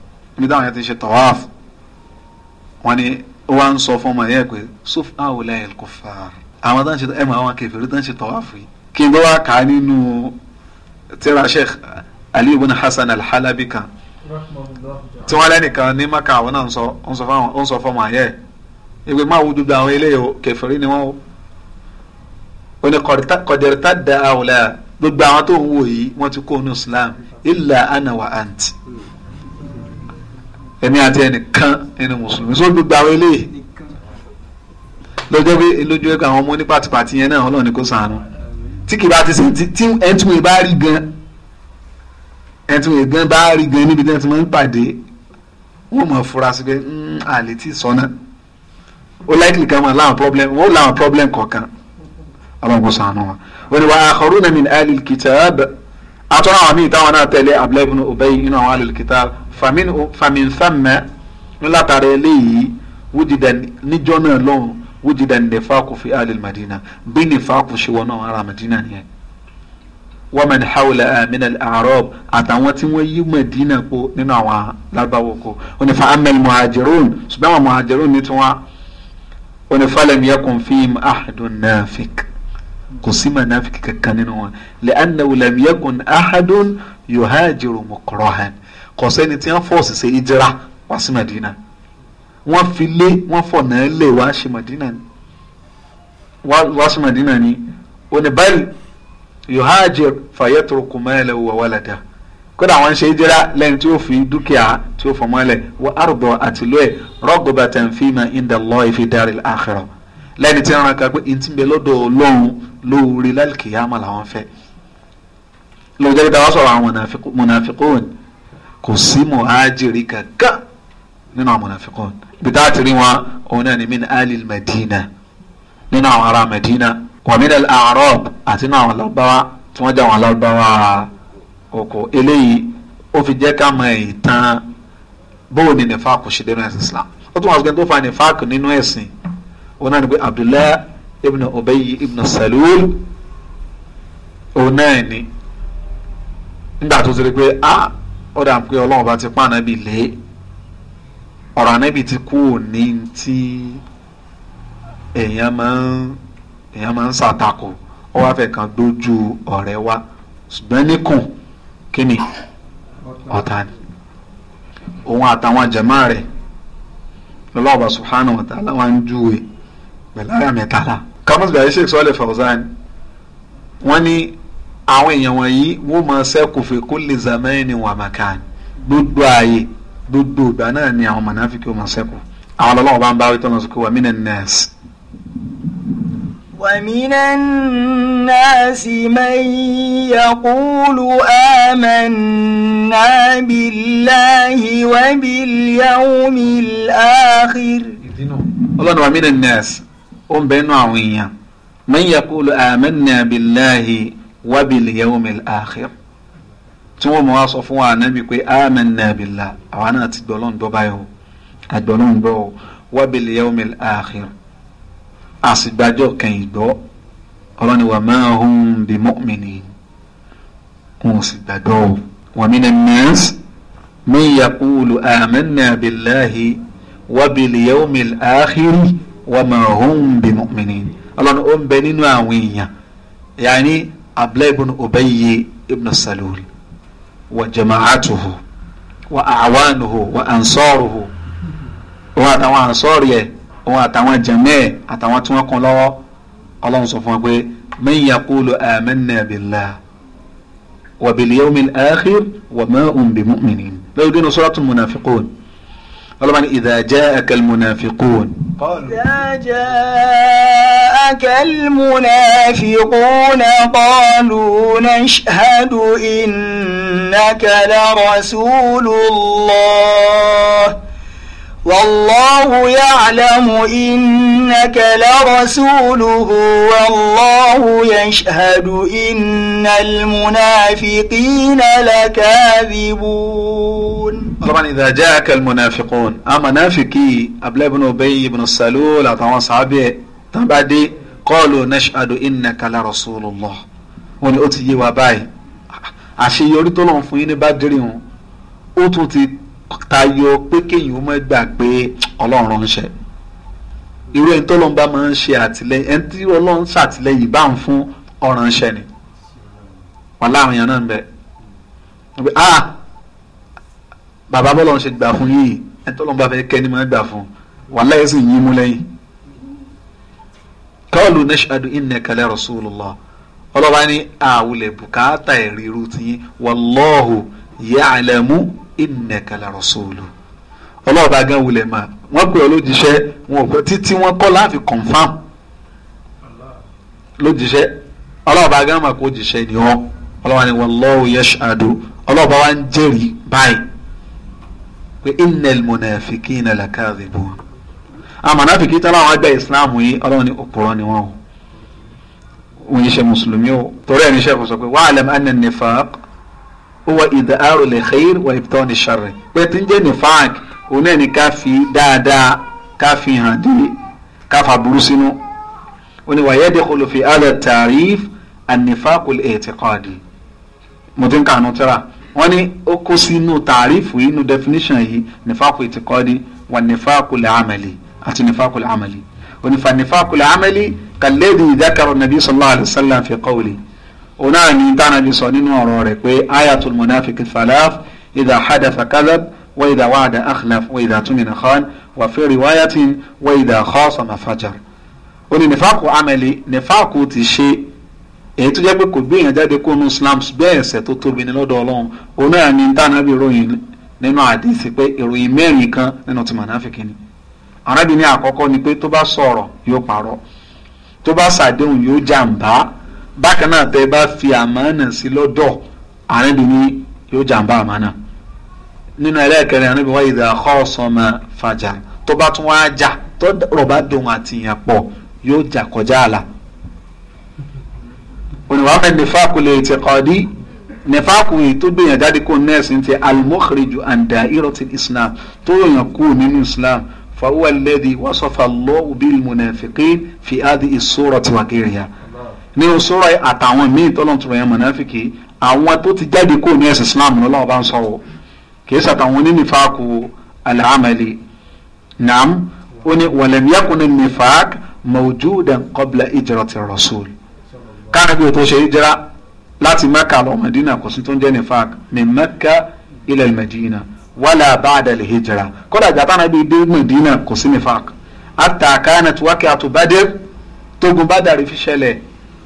níbi táwọn yẹn ti ṣe tawaf wọn ni ó wá ń sọ fún ọmọ yẹn pé suf awolẹ ẹlkọfà àwọn tó ń ṣe ẹ mọ àwọn kẹfìrí tó ń ṣe tawaf yìí kí n bá wá kà á nínú tírà sheikh ali ibn hasan alhalabi kan tí wọn lẹnìkan ní maka àwọn náà ń sọ fún ọmọ yẹn ìgbé máa wú dúdú àwọn eléyìí kẹfìrí ni wọn ó ní kọ̀dẹ̀rẹ̀tà da àwòlá gbogbo àwọn tó ń wò yìí wọ́n ti kó ní islam illa ana wa anti èmi àti ẹnìkan ẹni mùsùlùmí só gbogbo àwọn eléyìí lọ́jọ́ bí lójú ẹ̀ka àwọn ọmọ ní pàtìpàtì yẹn náà ọlọ́run ni kò sànù tí kì bá ti sè tí ẹtùwé bá rí gan ẹtùwé gan bá rí gan níbi tí wọn ti máa ń pàdé wọn mọ̀ fura sí pé àlè hmm, tí sọ náà ó láìkìlì kan máa láwọn problem wọn ó láwọn problem kọ̀ọ̀kan ọlọ́run kò sànù wọn. wọ́n ní wàá akharuna min alil kitab bẹ́ẹ̀. اتونا امي تا وانا تلي ابل ابن ابي ان اهل الكتاب فمن فمن ثم لا ترى لي وجد ني لون وجد النفاق في اهل المدينه بنفاق شي وانا على المدينه ني ومن حول من الاعراب اتوان تي وي مدينه كو نينو اوان لاغباو كو ان المهاجرون سبحان المهاجرون ني تو وان فيهم احد نافق kò sí mùnáfíkì kankan nínú wọn li'annahu lam yakun ahadun yuhajiru mukrahan kò sẹ́ni tí wọ́n fọ́ọ̀sì ṣe ìjìra wá sí Madina wọ́n fi lé wọ́n fọ̀nà lé wá sí Madina ni wá sí Madina ni ó ní báyìí yuhajir fayatruku malahu wa walada kódà wọ́n ṣe ìjìra lẹ́yìn tí ó fi dúkìá tí ó fọmọ́lẹ̀ wa ardo àtìlóye rọ́gùbàtàn fima inda Allahi fi daril akhirah lẹ́ni tí ń ran kan pé ntí ń bẹ lọ́dọ̀ ọlọ́run lóore lálùkìyàmọ̀ làwọn fẹ́ lóòjẹ́ bí dáwọ́ sọ̀rọ̀ àwọn mọ̀nàfíkún kò sí mọ̀hájìrì kankan nínú àwọn mọ̀nàfíkún bí dáa ti rí wọn òun náà ni min alil madina nínú àwọn ará madina wa min al arab àti nínú àwọn alábáwá tí wọ́n jẹ́ àwọn alábáwá oko eléyìí ó fi jẹ́ ká mọ ìtàn bóun ni nìfàkù ṣe dénú ẹ̀sìn islam ó tún wà sókè tó fa nìfàkù nínú ẹ̀sìn òun náà ni pé abdullahi ibn obeyi ibn o òun náà ni nígbà tó ti rí pé a ó dà pé ọlọ́run bá ti pa ànábì lé ọ̀rọ̀ ànábì ti kú òní tí èèyàn máa ń èèyàn máa ń ó wá fẹ́ kan dójú ọ̀rẹ́ wa ṣùgbọ́n kí ni ọ̀tá ni òun àtàwọn jẹ̀mọ́ rẹ̀ subhanahu wa ta'ala wa ń pẹ̀lú àyà mẹ́tàlá. kamus bíi Sheikh Saleh Fawzan wọ́n ní àwọn èèyàn wọ̀nyí wọ́n máa ṣẹ́kù fi kulli zamani wa makan gbogbo ààyè gbogbo ìgbà náà ni àwọn mọ̀nàfíkì wọ́n máa ṣẹ́kù àwọn ọlọ́wọ́ bá ń bá wípé wọ́n sọ pé wa ومن الناس من يقول آمنا بالله وباليوم الآخر الله ومن الناس ó ń bẹnu àwọn èèyàn man yaqulu amanna billahi wa bil yawmil akhir tí wọ́n mọ̀ wá sọ fún wa ànábì pé amanna billah àwa náà ti gbọ́ lọ́n gbọ́ba yìí o àgbọ̀ lọ́n gbọ́ o wa bil yawmil akhir àsìgbàjọ́ kẹyìn gbọ́ ọlọ́ni wa ma hum bi mu'minin wọn ò sì gbàgbọ́ o wa minan nas man yaqulu amanna billahi wa bil yawmil akhir wa ma hum bi mu'minin ọlọ́run ó ń bẹ nínú àwọn èèyàn yaani abdullah ibn ubayy ibn salul wa jama'atuhu wa awanuhu wa ansaruhu òun àtàwọn ansọ́ọ̀rù yẹ òun àtàwọn jẹ̀mẹ́ẹ̀ àtàwọn tí wọ́n kún lọ́wọ́ ọlọ́run sọ fún wa pé man yaqulu amanna billah wa bil akhir wa ma hum bi mu'minin lórí dínú suratul munafiqun طبعا إذا جاءك المنافقون قالوا إذا جاءك المنافقون قالوا نشهد إنك لرسول الله والله يعلم إنك لرسوله والله يشهد إن المنافقين لكاذبون طبعا إذا جاءك المنافقون أما نافقي أبلا بن أبي بن السلول أطوان صحابي تبعدي قالوا نشهد إنك لرسول الله وني أتي وباي àṣeyọrí tó lọ́n fún yín ní bá dérè wọn ó tún ti tayọ pé kéèyàn ó mọ̀ gbà pé ọlọ́run ránṣẹ́ irú ẹni tó lọ́n bá máa ń ṣe àtìlẹ́yìn ẹni tí ọlọ́run ṣàtìlẹ́yìn bá ń fún ọ̀ránṣẹ́ ni wà láàrin yẹn náà ń bẹ ah bàbá bọ́lọ̀ ń ṣe gbà fún yìí ẹni tó lọ́n bá fẹ́ kẹ́ni máa gbà fún wà láyé sì yín mú lẹ́yìn kọ́ọ̀lù nashadu innaka la rasulullah ọlọ́ba ní àwùlẹ̀ bùkátà ẹ̀rí irú tiyín wallahu ya'lamu innaka la rasulu ọlọ́ọ̀bá gan wulẹ̀ mà wọ́n pè ọ́ lójíṣẹ́ wọn ò pẹ́ títí wọ́n kọ́ láàfin confam lójíṣẹ́ ọlọ́ọ̀bá gan mà kó jíṣẹ́ ni wọ́n ọlọ́wà ni wallahu yashhadu ọlọ́ọ̀bá wa ń jẹ́rìí báyìí pé innal munafiqina lakadhibun amànàfikì tí aláwọn àgbà ìsìláàmù yìí ọlọ́wà ni òpùrọ́ ni wọ́n o òun yìí ṣe mùsùlùmí o torí ẹni ṣe kò sọ huwa idhaaru li khair wa ibtani sharri pé tí ń jẹ́ nifaq òun náà ni ká fi dáadáa ká fi hàn dé ká fa burú sínú ó ní wa yadkhulu fi hadha tarif an-nifaqul i'tiqadi mo ti ń kànú tíra wọ́n ní ó kó sínú tàrífù inú definition yìí nifaqul i'tiqadi wa nifaqul amali àti nifaqul amali ó ní fa nifaqul amali kalladhi dhakara an-nabi sallallahu fi qawli òun náà ní tánàbí sọ nínú ọ̀rọ̀ rẹ̀ pé ayatul munafiki salaf idha hadatha kadhab wa idha wa'ada akhlaf wa idha tumina khan wa fi riwayatin wa idha khasama fajar. ó ní nífàkù amẹ́lì nífàkù ti ṣe èyí tó jẹ́ pé kò gbéyàn jáde kó nu slams bẹ́ẹ̀ ẹ̀ṣẹ̀ tó tóbi ní lọ́dọ̀ ọlọ́run òun náà ní tánàbí ròyìn nínú àdìsí pé ìròyìn mẹ́rin kan bákan náà tẹ́ bá fi àmánà sí lọ́dọ̀ àrẹ́bí ni yóò jàǹbá àmánà nínú ẹlẹ́ẹ̀kẹrin àrẹ́bí wáyé ìdá khasama fàjà tó bá tún wáá jà tó rọ̀bá dohun àti ìyàn pọ̀ yóò jà kọjá àlà oníwàmẹ nífàkù lè ti kọ́ọ̀dí nífàkù yìí tó gbìyànjú jáde kó nẹ́ẹ̀sì ti al-mukhriju an islam tó yàn kú nínú islam fa huwa alladhi wasafa Allahu bil munafiqin fi hadhihi as-surati wa ghayriha ní osoro àtàwọn míì tọ́lọ̀ tó yẹn mọ̀nàfíkì àwọn tó ti jáde kó ní ẹ̀sìn islam ní ọlọ́wọ́ bá ń sọ o kìí sàtàwọn onínífàákù alàmàlì naam ó ní walam yakun nifaq mawjudan qabla ijrati rasul káàkiri tó ṣe ìjìrá láti mẹ́kà lọ mẹ́dínà kò sí tó ń jẹ́ nifaq min mẹ́kà ila al-madina wala hijra kódà jàtánà bíi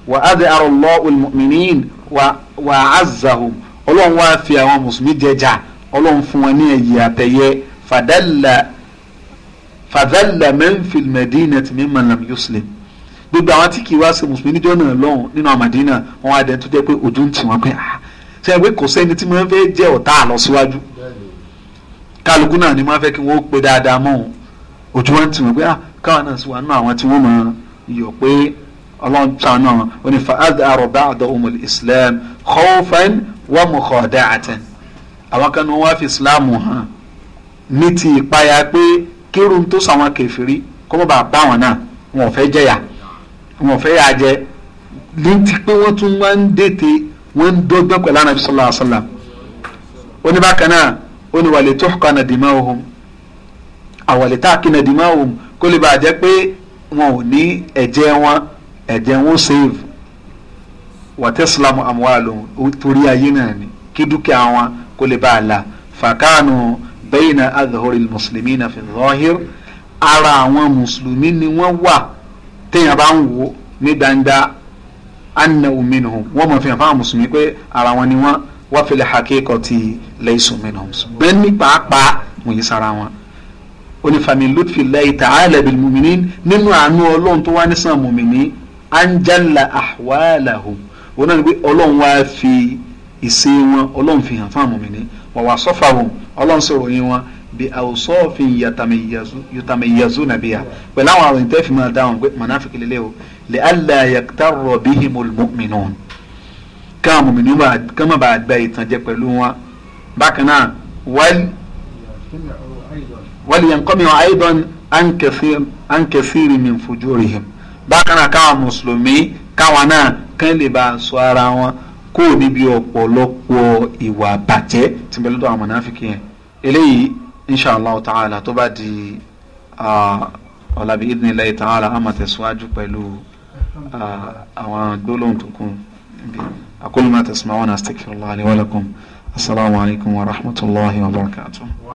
wà á dé àrò lọ olùmọ̀mìnín wà á zàhùn ọlọ́run wá fi àwọn mùsùlùmí jẹjà ọlọ́run fún wọn ní ẹ̀yẹ àtẹ̀yẹ fàdálà mẹ́ńfìl mẹ́dínà tì mí mọ̀lẹ́m yuslim gbogbo àwọn tí kì í wá sí mùsùlùmí níjọ́ náà lọ́hùn nínú àmàdínà wọn á dẹ̀ tó jẹ́ pé ojú ń tì wọ́n pé ah ṣe é pé kò sẹ́ni tí mo fẹ́ jẹ́ ọ̀tá àlọ́ síwájú kálukú náà ni mo fẹ́ kí wọ́n pe dáadáa mọ́ ojú wọn tì wọ́n pé ah káwọn náà sì wà nínú àwọn tí wọ́n mọ̀ iyọ̀ pé ọlọ́run sànù àwọn onífa adàrọ̀ bá àdọ̀hùnmọ̀ islam kọ́ọ̀fẹ́n wọ́n mú kọ̀ọ̀dá àtẹn àwọn kan ní wọ́n fi islam hàn ní ti ìpayà pé kírun tó sàwọn kẹfìrí kó má bàa bá wọn náà wọn ò fẹ́ jẹ̀yà wọn ò fẹ́ yà jẹ ní ti pé wọ́n tún wá ń dètè wọ́n ń dọ́gbọ́n pẹ̀lú ànábi sallallahu alaihi wasallam oníbàkan náà oníwàlẹ̀ tó kàn dìmọ́ ohun àwàlẹ̀ tá a kì ẹ̀jẹ̀ wọn save wàtẹ́sílámù amwalum torí ayé náà ni kí dúkìá wọn kó lè bá a la fàkànù bẹ́yìnà adhori muslimina fi zahir ara àwọn mùsùlùmí ni wọ́n wà téèyàn bá ń wò ní gbangba anna minhum wọ́n mọ̀ fi hàn fáwọn mùsùlùmí pé ara wọn ni wọ́n wá fi lè hakikati laysu minhum bẹ́ẹ̀ ni pàápàá wọ́n yí sára wọn onífàmì lutfi Allahi ta'ala bil nínú àánú ọlọ́run tó wá nísàn mùmìnì anjala ahwalahum òun náà ni pé ọlọ́run wá fi ìṣe wọn ọlọ́run fi hàn fáwọn mọ̀mìnì wà wá sọ́fà wọn ọlọ́run sọ̀rọ̀ yín wọn bí àwòsọ́ọ̀fin yàtàmẹ̀yàzú nàbíyà pẹ̀lú àwọn àròyìn tẹ́ fi máa dáhùn pé mọ̀nàfíkì lélẹ̀ o lè àlà yàtàrọ̀ bihimul mu'minun káwọn mọ̀mìnì kán má bàa gba ìtànjẹ pẹ̀lú wọn bákan náà wàlìyàn kọ́mi wọn àìdán ankẹ́sìrì min fujurihim bákan náà káwọn mùsùlùmí káwọn náà kán lè bá a sọ ara wọn kó o níbi ọ̀pọ̀lọpọ̀ ìwà bàjẹ́ tí bẹ́ẹ̀ lọ́dọ̀ àwọn mọ̀nàfíkì yẹn eléyìí inshallah ta'ala tó bá di ọ̀làbí idhnillahi ta'ala á máa tẹ̀síwájú pẹ̀lú àwọn gbólóhùn tó kún aqulu ma tasma'una astaghfirullahi li